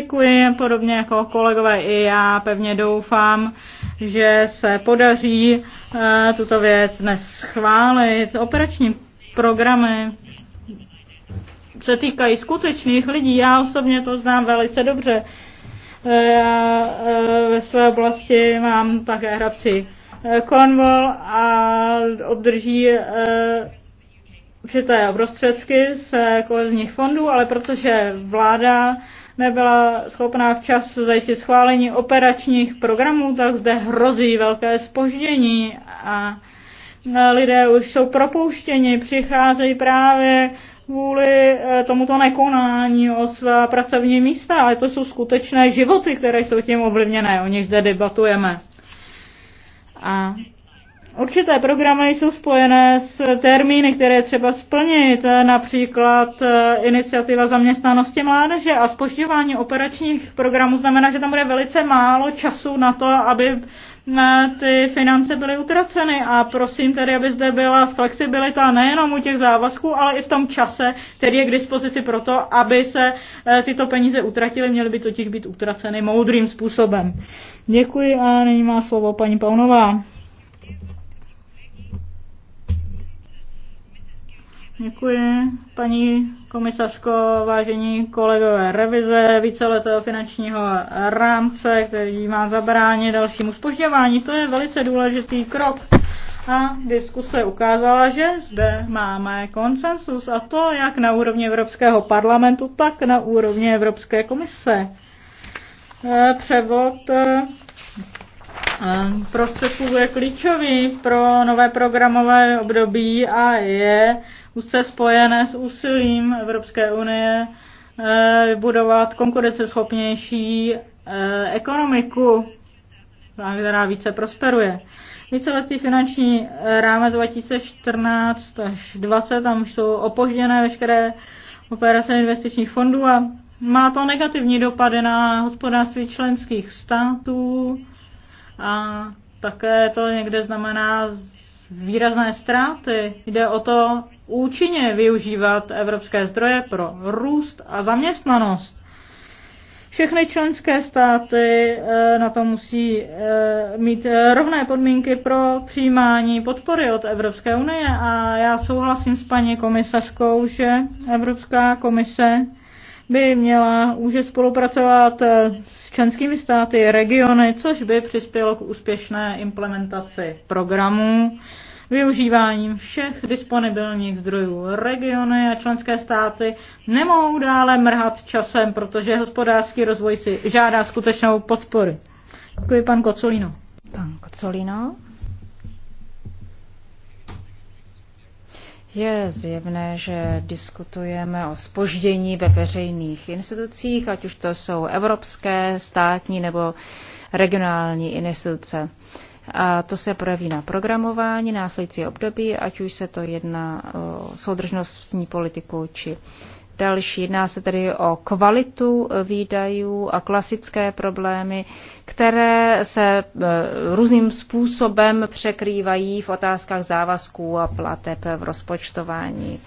Děkuji, podobně jako kolegové i já pevně doufám, že se podaří e, tuto věc dnes schválit. Operační programy se týkají skutečných lidí. Já osobně to znám velice dobře. E, já e, ve své oblasti mám také hrabci e, Cornwall a obdrží určité prostředky z kolezních fondů, ale protože vláda nebyla schopná včas zajistit schválení operačních programů, tak zde hrozí velké spoždění a lidé už jsou propouštěni, přicházejí právě kvůli eh, tomuto nekonání o svá pracovní místa, ale to jsou skutečné životy, které jsou tím ovlivněné, o nich zde debatujeme. A určité programy jsou spojené s termíny, které třeba splnit, například eh, iniciativa zaměstnanosti mládeže a spožďování operačních programů znamená, že tam bude velice málo času na to, aby ty finance byly utraceny a prosím tedy, aby zde byla flexibilita nejenom u těch závazků, ale i v tom čase, který je k dispozici pro to, aby se e, tyto peníze utratily, měly by totiž být utraceny moudrým způsobem. Děkuji a nyní má slovo paní Paunová. Děkuji, paní komisařko, vážení kolegové. Revize víceletého finančního rámce, který má zabránit dalšímu spožďování, to je velice důležitý krok. A diskuse ukázala, že zde máme konsensus a to jak na úrovni Evropského parlamentu, tak na úrovni Evropské komise. E, převod e, e, prostředků je klíčový pro nové programové období a je úzce spojené s úsilím Evropské unie eh, vybudovat konkurenceschopnější eh, ekonomiku, která více prosperuje. Víceletý finanční eh, rámec 2014 až 2020, tam jsou opožděné veškeré operace investičních fondů a má to negativní dopady na hospodářství členských států a také to někde znamená výrazné ztráty. Jde o to účinně využívat evropské zdroje pro růst a zaměstnanost. Všechny členské státy eh, na to musí eh, mít eh, rovné podmínky pro přijímání podpory od Evropské unie a já souhlasím s paní komisařkou, že Evropská komise by měla už spolupracovat členskými státy, regiony, což by přispělo k úspěšné implementaci programů využíváním všech disponibilních zdrojů. Regiony a členské státy nemohou dále mrhat časem, protože hospodářský rozvoj si žádá skutečnou podporu. Děkuji, pan Kocolino. Pan Kocolino. Je zjevné, že diskutujeme o spoždění ve veřejných institucích, ať už to jsou evropské, státní nebo regionální instituce. A to se projeví na programování následující období, ať už se to jedná o soudržnostní politiku či Další jedná se tedy o kvalitu eh, výdajů a klasické problémy, které se eh, různým způsobem překrývají v otázkách závazků a plateb v rozpočtování.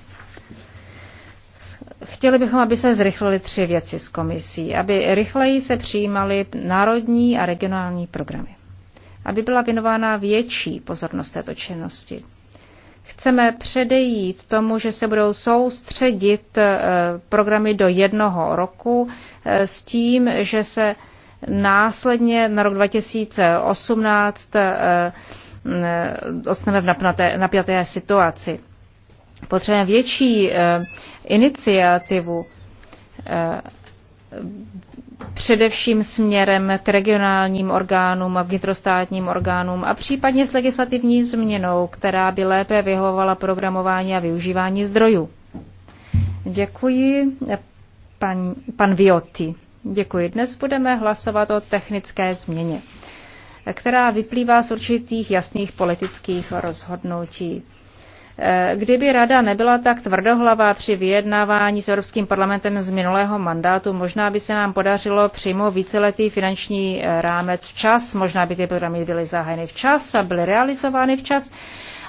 Chtěli bychom, aby se zrychlily tři věci z komisí, aby rychleji se přijímaly národní a regionální programy, aby byla věnována větší pozornost této činnosti Chceme předejít tomu, že se budou soustředit eh, programy do jednoho roku eh, s tím, že se následně na rok 2018 eh, dostaneme v napnaté, napjaté situaci. Potřebujeme větší iniciativu především směrem k regionálním orgánům a vnitrostátním orgánům a případně s legislativní změnou, která by lépe vyhovovala programování a využívání zdrojů. Děkuji, pan, pan Viotti. Děkuji. Dnes budeme hlasovat o technické změně, která vyplývá z určitých jasných politických rozhodnutí. Kdyby rada nebyla tak tvrdohlavá při vyjednávání s Evropským parlamentem z minulého mandátu, možná by se nám podařilo přijmout víceletý finanční eh, rámec včas, možná by ty programy byly zahájeny včas a byly realizovány včas.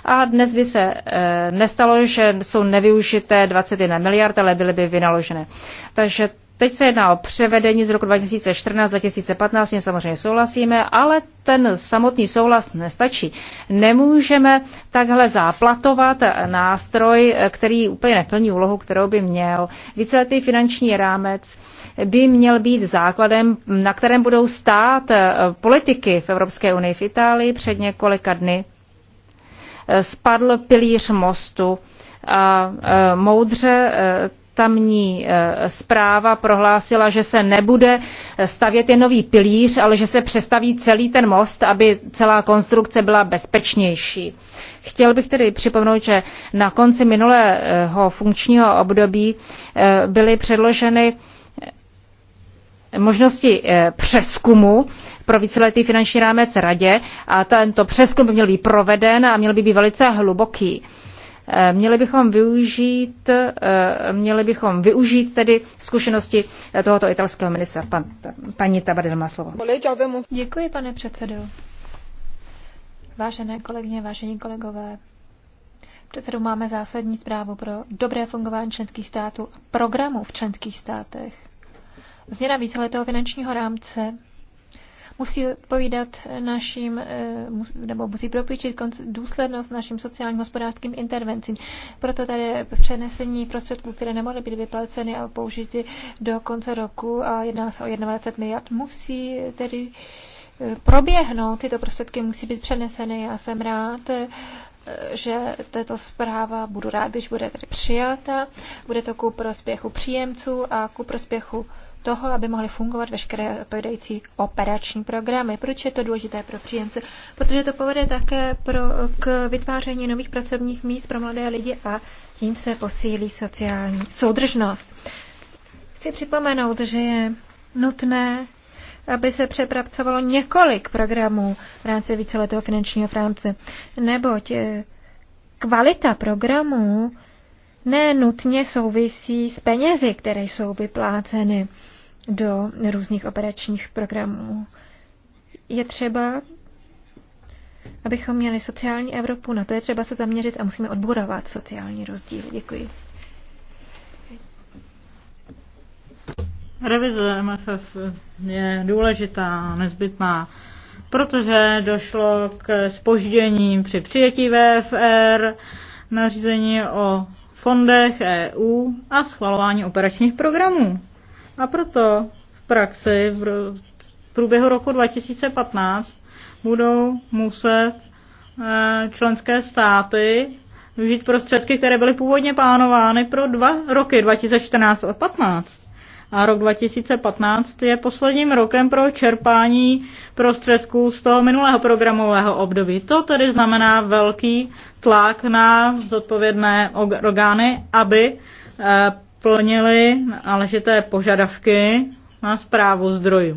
A dnes by se eh, nestalo, že jsou nevyužité 21 miliard, ale byly by vynaložené. Takže Teď se jedná o převedení z roku 2014-2015, mě samozřejmě souhlasíme, ale ten samotný souhlas nestačí. Nemůžeme takhle záplatovat nástroj, který úplně neplní úlohu, kterou by měl. Víceletý finanční rámec by měl být základem, na kterém budou stát eh, politiky v Evropské unii. V Itálii před několika dny eh, spadl pilíř mostu a eh, moudře tamní zpráva eh, prohlásila, že se nebude eh, stavět jen nový pilíř, ale že se přestaví celý ten most, aby celá konstrukce byla bezpečnější. Chtěl bych tedy připomenout, že na konci minulého funkčního období eh, byly předloženy možnosti přeskumu pro víceletý finanční rámec radě a tento přeskum by měl být proveden a měl by být velice hluboký Eh, měli bychom využít, eh, měli bychom využít tedy zkušenosti eh, tohoto italského ministra. Pan, paní Tabadil má slovo. Děkuji, pane předsedo. Vážené kolegyně, vážení kolegové, předsedu máme zásadní zprávu pro dobré fungování členských států a programů v členských státech. Změna víceletého finančního rámce musí odpovídat našim, eh, nebo musí propíčit důslednost našim sociálním hospodářským intervencím. Proto tady přenesení prostředků, které nemohly být vyplaceny a použity do konce roku a jedná se o 21 miliard, musí tedy eh, proběhnout, tyto prostředky musí být přeneseny. Já jsem rád, eh, že tato zpráva budu rád, když bude tedy přijata. Bude to ku prospěchu příjemců a ku prospěchu toho, aby mohly fungovat veškeré odpovědající operační programy. Proč je to důležité pro příjemce? Protože to povede také pro, k vytváření nových pracovních míst pro mladé lidi a tím se posílí sociální soudržnost. Chci připomenout, že je nutné aby se přepracovalo několik programů v rámci víceletého finančního rámce. Neboť eh, kvalita programů ne nutně souvisí s penězi, které jsou vypláceny do různých operačních programů. Je třeba, abychom měli sociální Evropu, na to je třeba se zaměřit a musíme odborovat sociální rozdíl. Děkuji. Revize MFF je důležitá, nezbytná, protože došlo k spožděním při přijetí VFR, nařízení o fondech EU a schvalování operačních programů. A proto v praxi v průběhu roku 2015 budou muset e, členské státy využít prostředky, které byly původně plánovány pro dva roky 2014 a 2015 a rok 2015 je posledním rokem pro čerpání prostředků z toho minulého programového období. To tedy znamená velký tlak na zodpovědné orgány, aby eh, plnili náležité požadavky na zprávu zdrojů.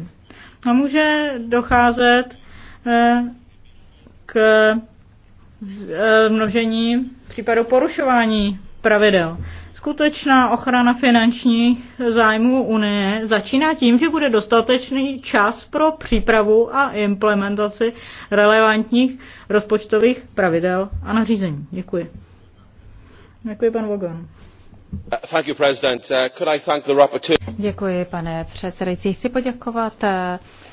A může docházet eh, k eh, množení případu porušování pravidel. Skutečná ochrana finančních zájmů Unie začíná tím, že bude dostatečný čas pro přípravu a implementaci relevantních rozpočtových pravidel a nařízení. Děkuji. Děkuji, pan Vogan. Uh, Děkuji, pane předsedající. Chci poděkovat uh,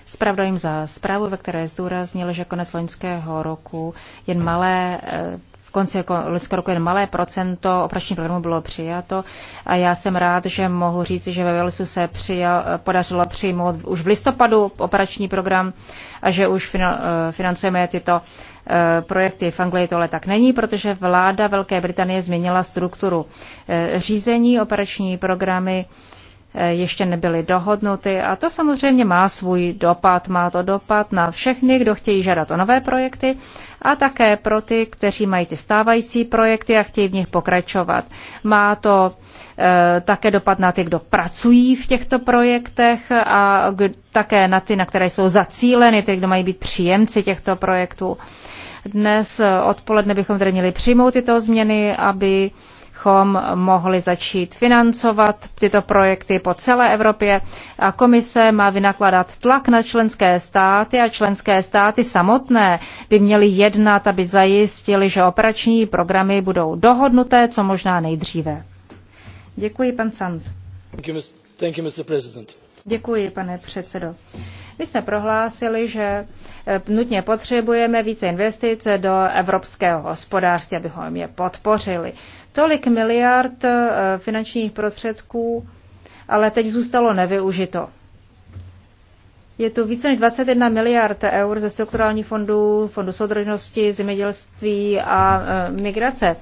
zpravodajům za zprávu, ve které zdůraznil, že konec loňského roku jen malé uh, v konci jako loňského roku jen malé procento operačních programů bylo přijato a já jsem rád, že mohu říct, že ve Walesu se přijal, podařilo přijmout už v listopadu operační program a že už eh, financujeme tyto eh, projekty. V Anglii tohle tak není, protože vláda Velké Británie změnila strukturu eh, řízení operační programy Eh, ještě nebyly dohodnuty a to samozřejmě má svůj dopad. Má to dopad na všechny, kdo chtějí žádat o nové projekty a také pro ty, kteří mají ty stávající projekty a chtějí v nich pokračovat. Má to e, také dopad na ty, kdo pracují v těchto projektech a k, také na ty, na které jsou zacíleny, ty, kdo mají být příjemci těchto projektů. Dnes eh, odpoledne bychom tedy měli přijmout tyto změny, aby abychom mohli začít financovat tyto projekty po celé Evropě. A komise má vynakladat tlak na členské státy a členské státy samotné by měly jednat, aby zajistili, že operační programy budou dohodnuté co možná nejdříve. Děkuji, pan Sand. Thank you, Mr. President. Děkuji, pane předsedo. My jsme prohlásili, že e, nutně potřebujeme více investic do evropského hospodářství, abychom je podpořili. Tolik miliard eh, finančních prostředků, ale teď zůstalo nevyužito. Je tu více než 21 miliard eur ze strukturální fondu, fondu soudržnosti, zemědělství a eh, migrace.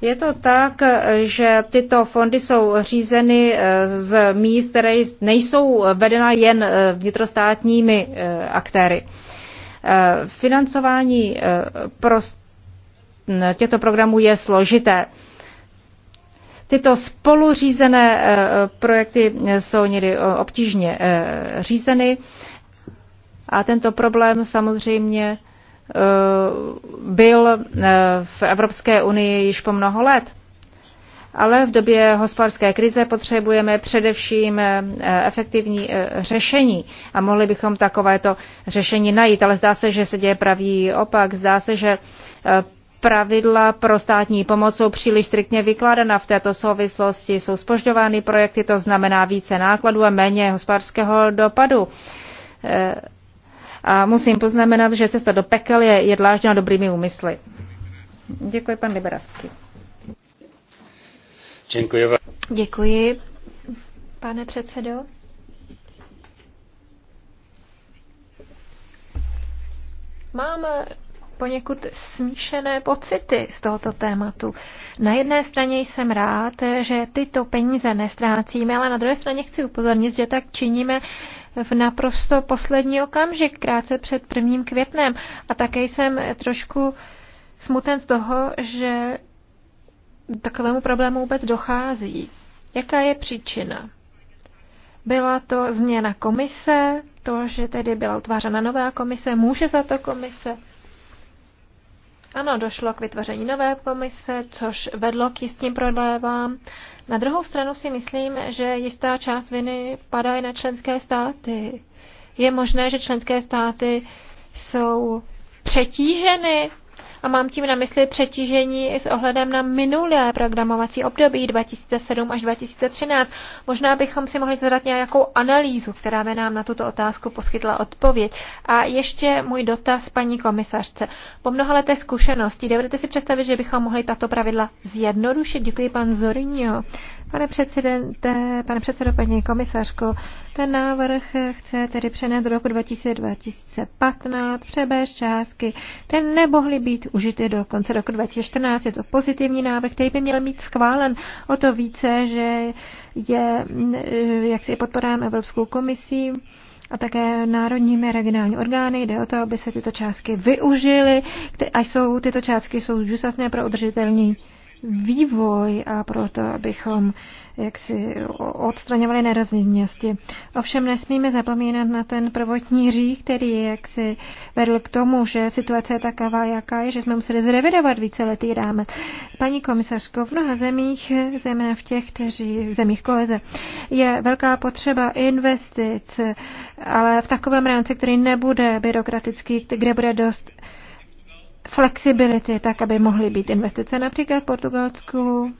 Je to tak, že tyto fondy jsou řízeny eh, z míst, které nejsou vedena jen vnitrostátními aktéry. Financování těchto programů je složité. Tyto spoluřízené eh, projekty jsou někdy eh, obtížně eh, řízeny a tento problém samozřejmě byl v Evropské unii již po mnoho let. Ale v době hospodářské krize potřebujeme především efektivní řešení a mohli bychom takovéto řešení najít. Ale zdá se, že se děje pravý opak. Zdá se, že pravidla pro státní pomoc jsou příliš striktně vykládána v této souvislosti. Jsou spožďovány projekty, to znamená více nákladů a méně hospodářského dopadu. Eh, a musím poznamenat, že cesta do pekel je, je dlážděna dobrými úmysly. Děkuji, pan Liberacký. Děkuji. Děkuji, pane předsedo. Mám poněkud smíšené pocity z tohoto tématu. Na jedné straně jsem rád, že tyto peníze nestrácíme, ale na druhé straně chci upozornit, že tak činíme v naprosto poslední okamžik, krátce před prvním květnem. A také jsem trošku smuten z toho, že takovému problému vůbec dochází. Jaká je příčina? Byla to změna komise, to, že tedy byla utvářena nová komise, může za to komise, ano, došlo k vytvoření nové komise, což vedlo k jistým prodlévám. Na druhou stranu si myslím, že jistá část viny padá i na členské státy. Je možné, že členské státy jsou přetíženy a mám tím na mysli přetížení i s ohledem na minulé programovací období 2007 až 2013. Možná bychom si mohli zadat nějakou analýzu, která by nám na tuto otázku poskytla odpověď. A ještě můj dotaz paní komisařce. Po mnoha letech zkušeností dovedete si představit, že bychom mohli tato pravidla zjednodušit? Děkuji pan Zorinio. Pane, předsedente, pane předsedo, paní komisařko, ten návrh chce tedy přenést do roku 2015 přebéž částky, které nemohly být užity do konce roku 2014. Je to pozitivní návrh, který by měl mít schválen o to více, že je jak si podporán Evropskou komisí a také národními regionální orgány. Jde o to, aby se tyto částky využily a jsou, tyto částky jsou důsazné pro udržitelný vývoj a proto, abychom jaksi odstraňovali nerozdílnosti. Ovšem nesmíme zapomínat na ten prvotní řík, který jaksi vedl k tomu, že situace je taková, jaká je, že jsme museli zrevidovat víceletý rámec. Paní komisařko, v mnoha zemích, zejména v těch, kteří v zemích koheze, je velká potřeba investic, ale v takovém rámci, který nebude byrokratický, kde bude dost flexibility, tak aby mohly být investice například v Portugalsku.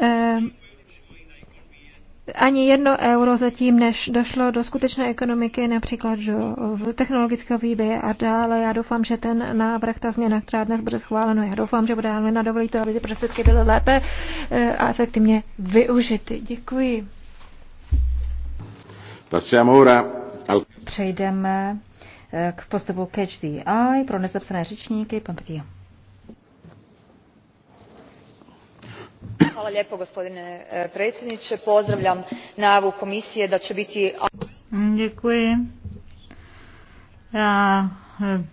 Ehm, ani jedno euro zatím, než došlo do skutečné ekonomiky, například do technologického výběje a dále. Já doufám, že ten návrh, ta změna, která dnes bude schválena, já doufám, že bude Alena dovolí to, aby ty prostředky byly lépe eh, a efektivně využity. Děkuji. Přejdeme k postupu Catch the Eye pro nezapsané řečníky. Pan Petý. Hvala lijepo gospodine eh, predsjedniče. Pozdravljam najavu komisije da će biti... Děkuji. Já eh,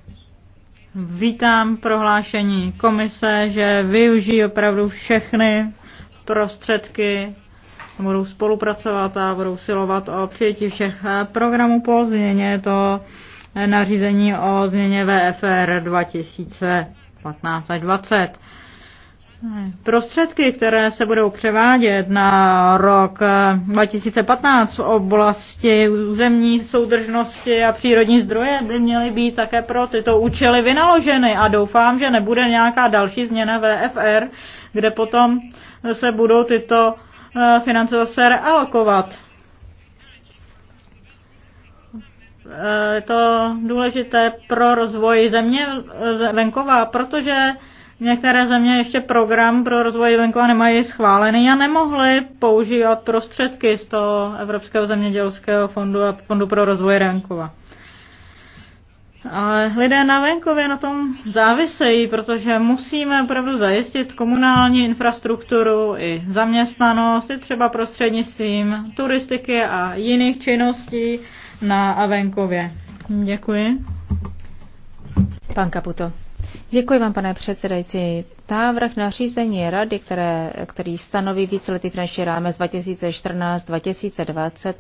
vítám prohlášení komise, že využijí opravdu všechny prostředky budou spolupracovat a budou silovat o přijetí všech programů po změně. To nařízení o změně VFR 2015 až 20. Prostředky, které se budou převádět na rok 2015 v oblasti územní soudržnosti a přírodní zdroje, by měly být také pro tyto účely vynaloženy a doufám, že nebude nějaká další změna VFR, kde potom se budou tyto eh, finance zase realokovat. je eh, to důležité pro rozvoj země eh, venkova, protože některé země ještě program pro rozvoj venkova nemají schválený a nemohly používat prostředky z toho Evropského zemědělského fondu a fondu pro rozvoj venkova. Ale lidé na venkově na tom závisejí, protože musíme opravdu zajistit komunální infrastrukturu i zaměstnanost, i třeba prostřednictvím turistiky a jiných činností, na venkově. Děkuji. Pan Kaputo. Děkuji vám, pane předsedající. Návrh nařízení Rady, které, který stanoví víceletý finanční rámec 2014-2020,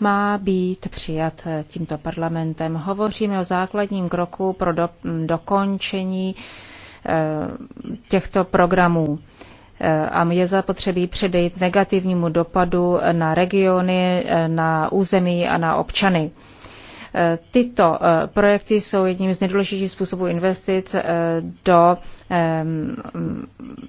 má být přijat tímto parlamentem. Hovoříme o základním kroku pro do, dokončení eh, těchto programů. Eh, a je zapotřebí předejít negativnímu dopadu na regiony, eh, na území a na občany. Eh, tyto projekty jsou jedním z nejdůležitějších způsobů investic do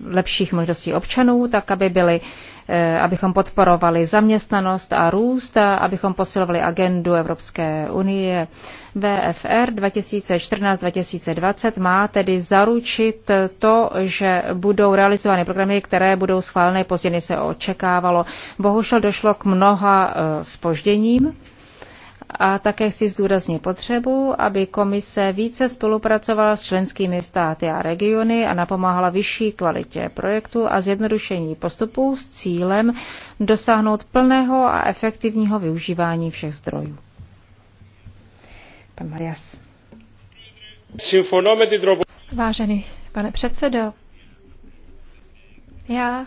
lepších možností občanů, tak aby byly Eh, abychom podporovali zaměstnanost a růst, abychom posilovali agendu Evropské unie. VFR 2014-2020 má tedy zaručit to, že budou realizovány programy, které budou schválené později, se očekávalo. Bohužel došlo k mnoha spožděním eh, a také chci zúraznit potřebu, aby komise více spolupracovala s členskými státy a regiony a napomáhala vyšší kvalitě projektu a zjednodušení postupů s cílem dosáhnout plného a efektivního využívání všech zdrojů. Pan Marias. Vážený pane předsedo, já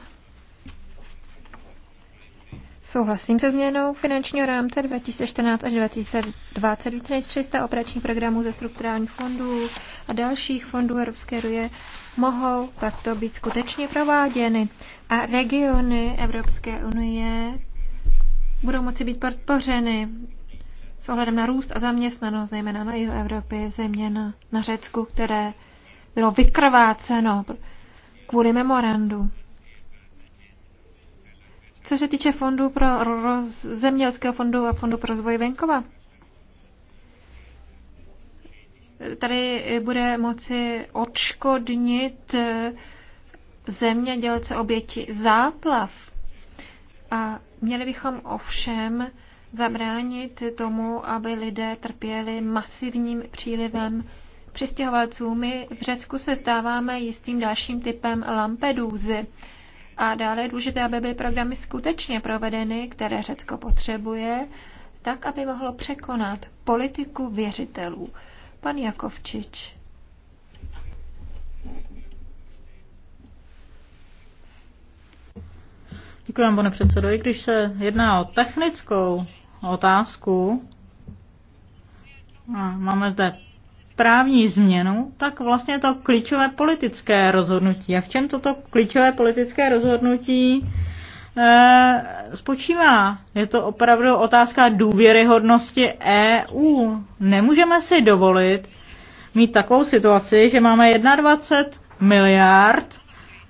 Souhlasím se změnou finančního rámce 2014 až 2020 více než 300 operačních programů ze strukturálních fondů a dalších fondů Evropské unie mohou takto být skutečně prováděny a regiony Evropské unie budou moci být podpořeny s ohledem na růst a zaměstnanost, zejména na jihu Evropy, země na, na Řecku, které bylo vykrváceno kvůli memorandu. Co se týče fondu pro roz, zemědělského fondu a fondu pro rozvoj venkova, tady bude moci odškodnit eh, zemědělce oběti záplav. A měli bychom ovšem zabránit tomu, aby lidé trpěli masivním přílivem přistěhovalců. My v Řecku se stáváme jistým dalším typem lampeduzy. A dále je důležité, aby byly programy skutečně provedeny, které Řecko potřebuje, tak, aby mohlo překonat politiku věřitelů. Pan Jakovčič. Děkuji vám, pane předsedo. I když se jedná o technickou otázku, máme zde právní změnu, tak vlastně to klíčové politické rozhodnutí. A v čem toto klíčové politické rozhodnutí e, spočívá? Je to opravdu otázka důvěryhodnosti EU. Nemůžeme si dovolit mít takovou situaci, že máme 21 miliard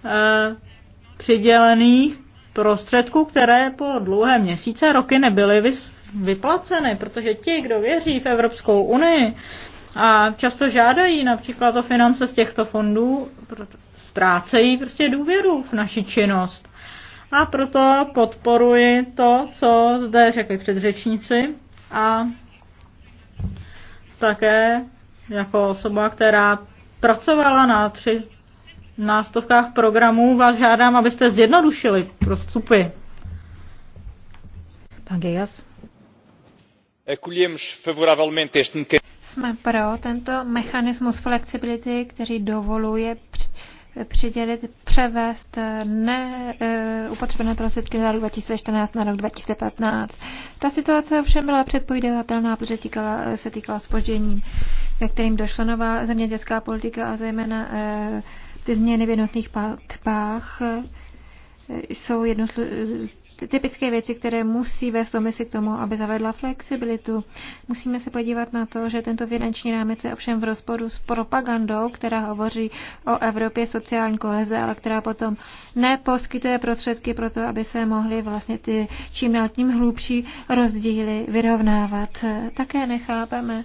e, přidělených prostředků, které po dlouhé měsíce, roky nebyly vyplaceny, protože ti, kdo věří v Evropskou unii, a často žádají například o finance z těchto fondů, ztrácejí prostě důvěru v naši činnost. A proto podporuji to, co zde řekli předřečníci a také jako osoba, která pracovala na tři nástovkách programů, vás žádám, abyste zjednodušili prostupy. Pan Gejas. Acolhemos favoravelmente este mecanismo jsme pro tento mechanismus flexibility, který dovoluje přidělit, převést eh, neupotřebené eh, uh, prostředky za rok 2014 na rok 2015. Ta situace ovšem byla předpovídatelná, protože týkala, eh, se týkala spoždění, ve kterým došla nová zemědělská politika a zejména uh, ty změny v jednotných pách uh, jsou jednotl- ty typické věci, které musí vést komisi k tomu, aby zavedla flexibilitu. Musíme se podívat na to, že tento finanční rámec je ovšem v rozporu s propagandou, která hovoří o Evropě sociální koheze, ale která potom neposkytuje prostředky pro to, aby se mohly vlastně ty čím dál tím hlubší rozdíly vyrovnávat. Také nechápeme,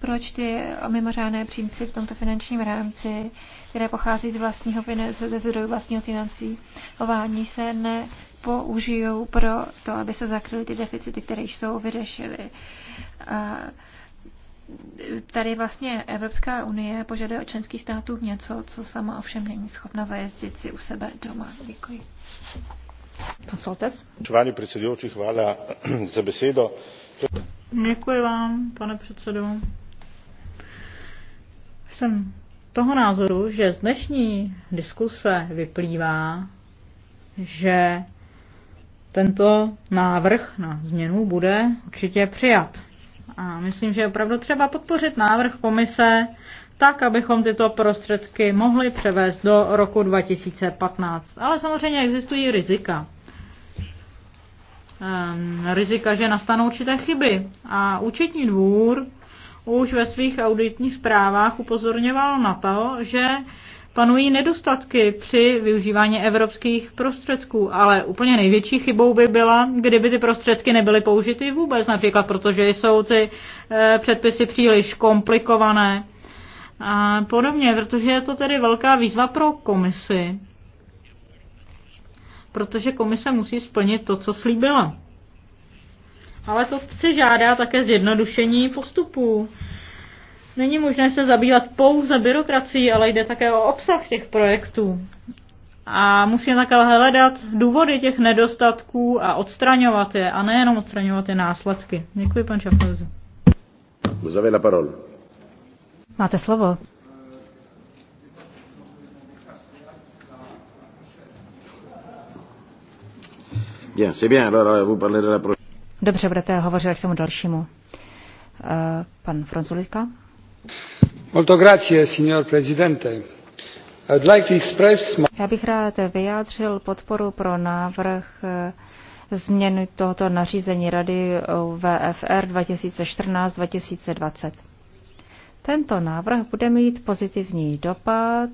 proč ty mimořádné příjemci v tomto finančním rámci, které pochází z vlastního ze zdrojů vlastního financování, se ne použijou pro to, aby se zakryly ty deficity, které již jsou vyřešily. tady vlastně Evropská unie požaduje od členských států něco, co sama ovšem není schopna zajistit si u sebe doma. Děkuji. Pan Soltes. Čování předsedující, chvála za besedo. Děkuji vám, pane předsedo. Jsem toho názoru, že z dnešní diskuse vyplývá, že tento návrh na změnu bude určitě přijat. A myslím, že je opravdu třeba podpořit návrh komise tak, abychom tyto prostředky mohli převést do roku 2015. Ale samozřejmě existují rizika. Ehm, rizika, že nastanou určité chyby. A účetní dvůr už ve svých auditních zprávách upozorňoval na to, že panují nedostatky při využívání evropských prostředků, ale úplně největší chybou by byla, kdyby ty prostředky nebyly použity vůbec, například protože jsou ty eh, předpisy příliš komplikované a podobně, protože je to tedy velká výzva pro komisi, protože komise musí splnit to, co slíbila. Ale to se žádá také zjednodušení postupů. Není možné se zabývat pouze byrokracií, ale jde také o obsah těch projektů. A musíme také hledat důvody těch nedostatků a odstraňovat je, a nejenom odstraňovat je následky. Děkuji, pan parol. Máte slovo. Euh, Dobře, budete hovořit k tomu dalšímu. Eh, pan Franzulika. Já bych rád vyjádřil podporu pro návrh eh, změny tohoto nařízení Rady VFR 2014-2020. Tento návrh bude mít pozitivní dopad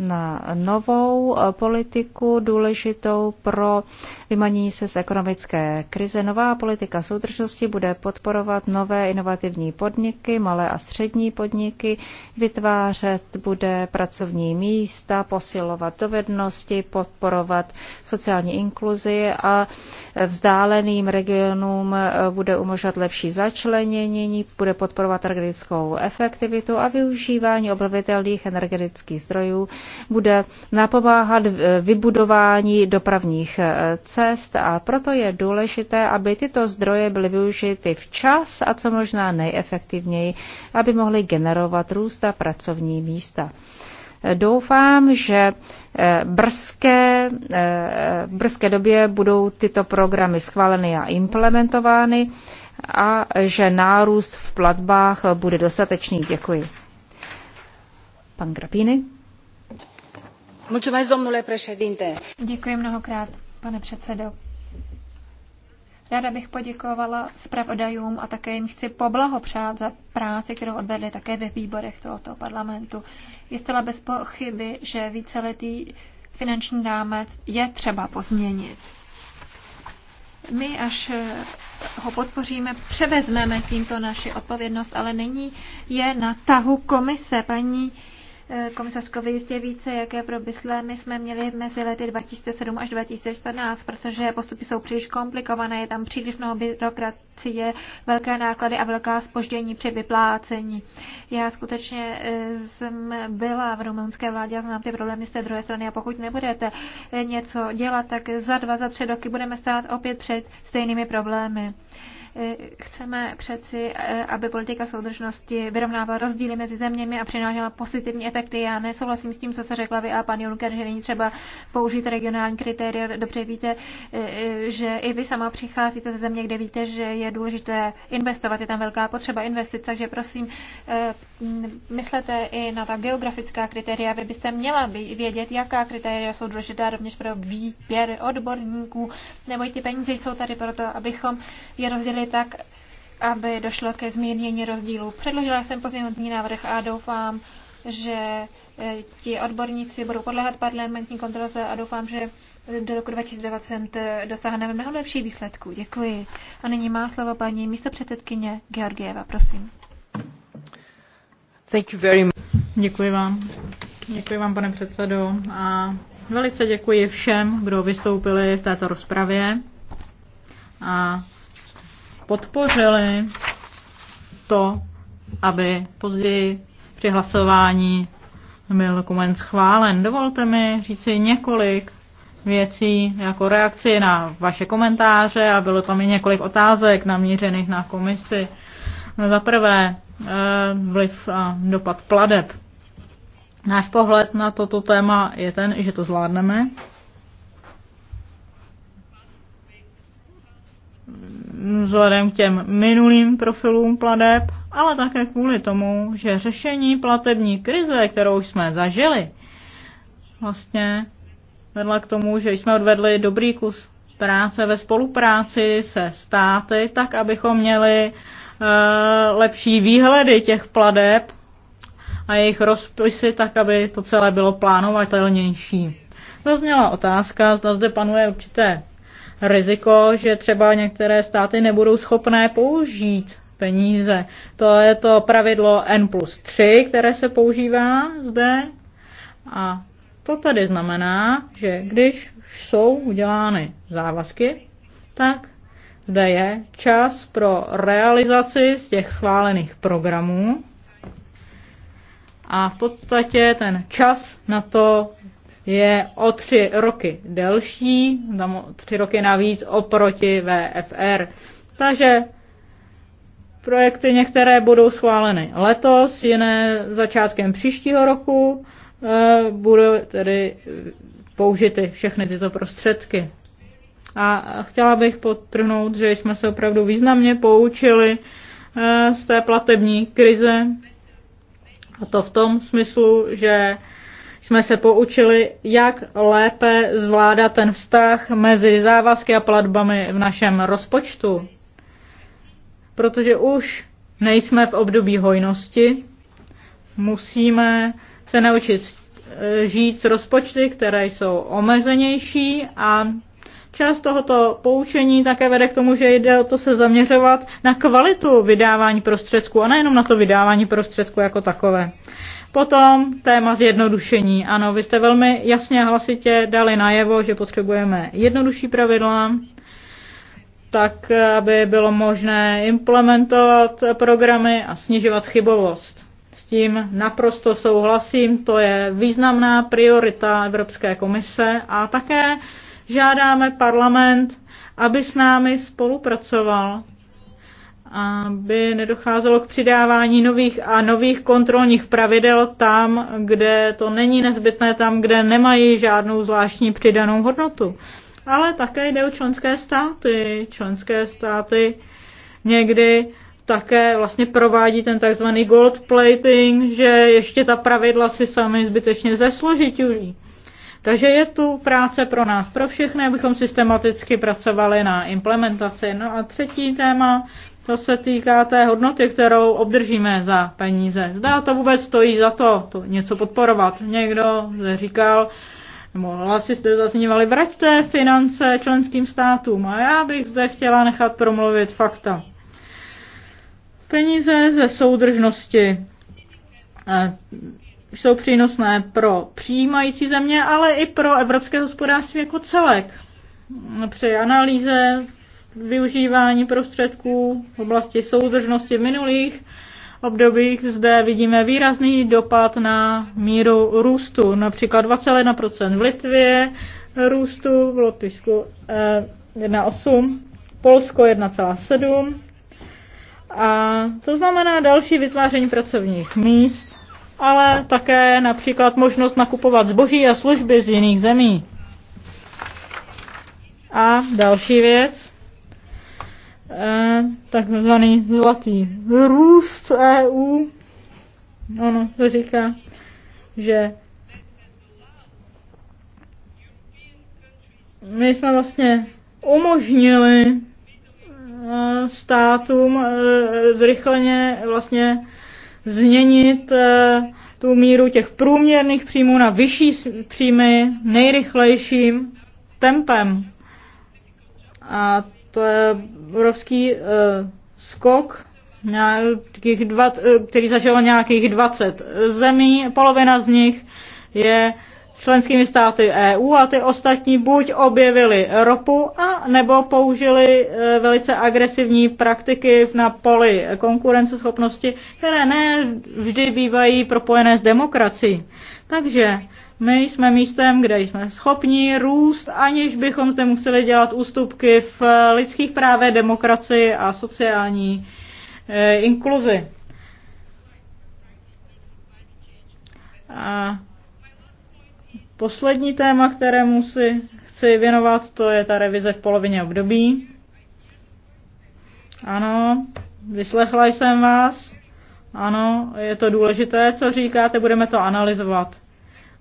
na novou eh, politiku důležitou pro vymanění se z ekonomické krize. Nová politika soudržnosti bude podporovat nové inovativní podniky, malé a střední podniky, vytvářet bude pracovní místa, posilovat dovednosti, podporovat sociální inkluzi a vzdáleným regionům eh, bude umožňovat lepší začlenění, bude podporovat energetickou efektivitu a využívání obnovitelných energetických zdrojů bude napomáhat eh, vybudování dopravních eh, cest a proto je důležité, aby tyto zdroje byly využity včas a co možná nejefektivněji, aby mohly generovat růst a pracovní místa. Eh, doufám, že brzké, brzké době budou tyto programy schváleny a implementovány a že nárůst v platbách bude dostatečný. Děkuji. Pan Grapíny domnule președinte. Děkuji mnohokrát, pane předsedo. Ráda bych poděkovala zpravodajům a také jim chci poblahopřát za práci, kterou odvedli také ve výborech tohoto parlamentu. Je zcela bez pochyby, že víceletý finanční rámec je třeba pozměnit. My, až ho podpoříme, převezmeme tímto naši odpovědnost, ale nyní je na tahu komise paní komisařkovi jistě více, jaké problémy jsme měli mezi lety 2007 až 2014, protože postupy jsou příliš komplikované, je tam příliš mnoho byrokracie, velké náklady a velká spoždění při vyplácení. Já skutečně eh, jsem byla v rumunské vládě a znám ty problémy z té druhé strany a pokud nebudete eh, něco dělat, tak za dva, za tři roky budeme stát opět před stejnými problémy. Eh, chceme přeci, eh, aby politika soudržnosti vyrovnávala rozdíly mezi zeměmi a přinášela pozitivní efekty. Já nesouhlasím s tím, co se řekla vy a pan Juncker, že není třeba použít regionální kritéria. Dobře víte, eh, že i vy sama přicházíte ze země, kde víte, že je důležité investovat, je tam velká potřeba investic, takže prosím, myslete i na ta geografická kritéria. Vy byste měla vědět, jaká kritéria jsou důležitá rovněž pro výběr odborníků, nebo ty peníze jsou tady proto, abychom je rozdělili upravili tak, aby došlo ke zmírnění rozdílů. Předložila jsem pozměňovací návrh a doufám, že eh, ti odborníci budou podléhat parlamentní kontrole a doufám, že do roku 2020 eh, dosáhneme mnohem lepší výsledků. Děkuji. A nyní má slovo paní místopředsedkyně Georgieva, prosím. Thank you very much. Děkuji vám. Děkuji vám, pane předsedo. A velice děkuji všem, kdo vystoupili v této rozpravě. A podpořili to, aby později při hlasování byl dokument schválen. Dovolte mi říci několik věcí jako reakci na vaše komentáře a bylo tam i několik otázek namířených na komisi. No, za prvé, eh, vliv a dopad pladeb. Náš pohled na toto téma je ten, že to zvládneme, vzhledem k těm minulým profilům plateb, ale také kvůli tomu, že řešení platební krize, kterou jsme zažili, vlastně vedla k tomu, že jsme odvedli dobrý kus práce ve spolupráci se státy, tak abychom měli eh, lepší výhledy těch pladeb a jejich rozpisy, tak aby to celé bylo plánovatelnější. Zazněla otázka, zda zde panuje určité riziko, že třeba některé státy nebudou schopné použít peníze. To je to pravidlo N plus 3, které se používá zde. A to tedy znamená, že když jsou udělány závazky, tak zde je čas pro realizaci z těch schválených programů. A v podstatě ten čas na to je o tři roky delší, tam o tři roky navíc oproti VFR. Takže projekty některé budou schváleny letos, jiné začátkem příštího roku e, budou tedy použity všechny tyto prostředky. A chtěla bych podtrhnout, že jsme se opravdu významně poučili eh, z té platební krize. A to v tom smyslu, že jsme se poučili, jak lépe zvládat ten vztah mezi závazky a platbami v našem rozpočtu. Protože už nejsme v období hojnosti, musíme se naučit eh, žít s rozpočty, které jsou omezenější a Část tohoto poučení také vede k tomu, že jde o to se zaměřovat na kvalitu vydávání prostředků a nejenom na to vydávání prostředků jako takové. Potom téma zjednodušení. Ano, vy jste velmi jasně a hlasitě dali najevo, že potřebujeme jednodušší pravidla, tak aby bylo možné implementovat programy a snižovat chybovost. S tím naprosto souhlasím, to je významná priorita Evropské komise a také žádáme parlament, aby s námi spolupracoval aby nedocházelo k přidávání nových a nových kontrolních pravidel tam, kde to není nezbytné, tam, kde nemají žádnou zvláštní přidanou hodnotu. Ale také jde o členské státy. Členské státy někdy také vlastně provádí ten takzvaný gold plating, že ještě ta pravidla si sami zbytečně zesložitují. Takže je tu práce pro nás, pro všechny, abychom systematicky pracovali na implementaci. No a třetí téma, to se týká té hodnoty, kterou obdržíme za peníze. Zdá to vůbec stojí za to, to něco podporovat. Někdo říkal, nebo hlasy jste zaznívali, vraťte finance členským státům. A já bych zde chtěla nechat promluvit fakta. Peníze ze soudržnosti eh, jsou přínosné pro přijímající země, ale i pro evropské hospodářství jako celek. Při analýze využívání prostředků v oblasti soudržnosti v minulých obdobích zde vidíme výrazný dopad na míru růstu, například 2,1% v Litvě růstu, v Lotyšsku 1,8%, eh, Polsko 1,7%. A to znamená další vytváření pracovních míst, ale také například možnost nakupovat zboží a služby z jiných zemí. A další věc, Eh, takzvaný zlatý růst EU. Ono to říká, že my jsme vlastně umožnili eh, státům eh, zrychleně vlastně změnit tu míru těch průměrných příjmů na vyšší příjmy nejrychlejším tempem. A to je obrovský eh, skok, nějakých 20, eh, který zažilo nějakých 20 zemí, polovina z nich je členskými státy EU a ty ostatní buď objevili ropu a nebo použili eh, velice agresivní praktiky na poli konkurenceschopnosti, které ne vždy bývají propojené s demokracií. Takže my jsme místem, kde jsme schopni růst, aniž bychom zde museli dělat ústupky v lidských právech, demokracii a sociální e, inkluzi. A poslední téma, kterému si chci věnovat, to je ta revize v polovině období. Ano, vyslechla jsem vás. Ano, je to důležité, co říkáte, budeme to analyzovat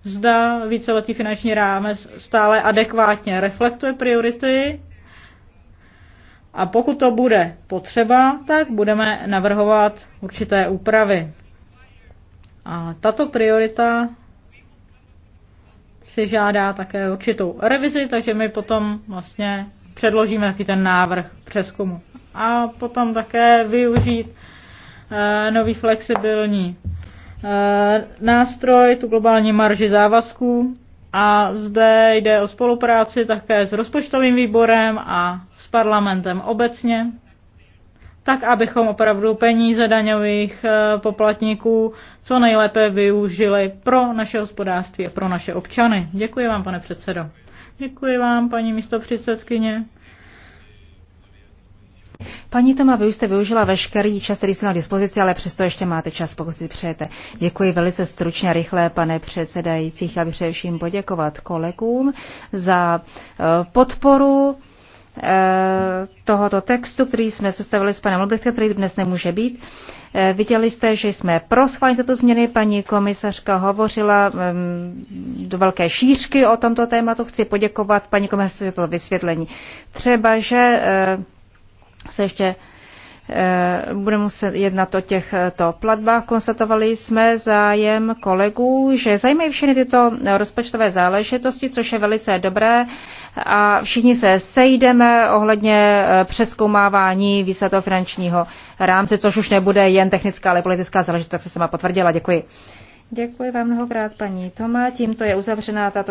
zda víceletý finanční rámec stále adekvátně reflektuje priority a pokud to bude potřeba, tak budeme navrhovat určité úpravy. A tato priorita si žádá také určitou revizi, takže my potom vlastně předložíme taky ten návrh přeskumu. A potom také využít eh, nový flexibilní Eh, nástroj, tu globální marži závazků. A zde jde o spolupráci také s rozpočtovým výborem a s parlamentem obecně, tak abychom opravdu peníze daňových eh, poplatníků co nejlépe využili pro naše hospodářství a pro naše občany. Děkuji vám, pane předsedo. Děkuji vám, paní předsedkyně. Paní Toma, vy už jste využila veškerý čas, který jste na dispozici, ale přesto ještě máte čas, pokud si přejete. Děkuji velice stručně a rychle, pane předsedající. Chtěla bych především poděkovat kolegům za eh, podporu eh, tohoto textu, který jsme sestavili s panem Lobrechtem, který dnes nemůže být. Eh, viděli jste, že jsme pro schválení této změny. Paní komisařka hovořila ehm, do velké šířky o tomto tématu. Chci poděkovat paní komisařce za to vysvětlení. Třeba, že se ještě eh, bude muset jednat o těchto eh, platbách. Konstatovali jsme zájem kolegů, že zajímají všechny tyto rozpočtové záležitosti, což je velice dobré a všichni se sejdeme ohledně eh, přeskoumávání výsledného finančního rámce, což už nebude jen technická, ale politická záležitost, tak se sama potvrdila. Děkuji. Děkuji vám mnohokrát, paní Toma. Tímto je uzavřená tato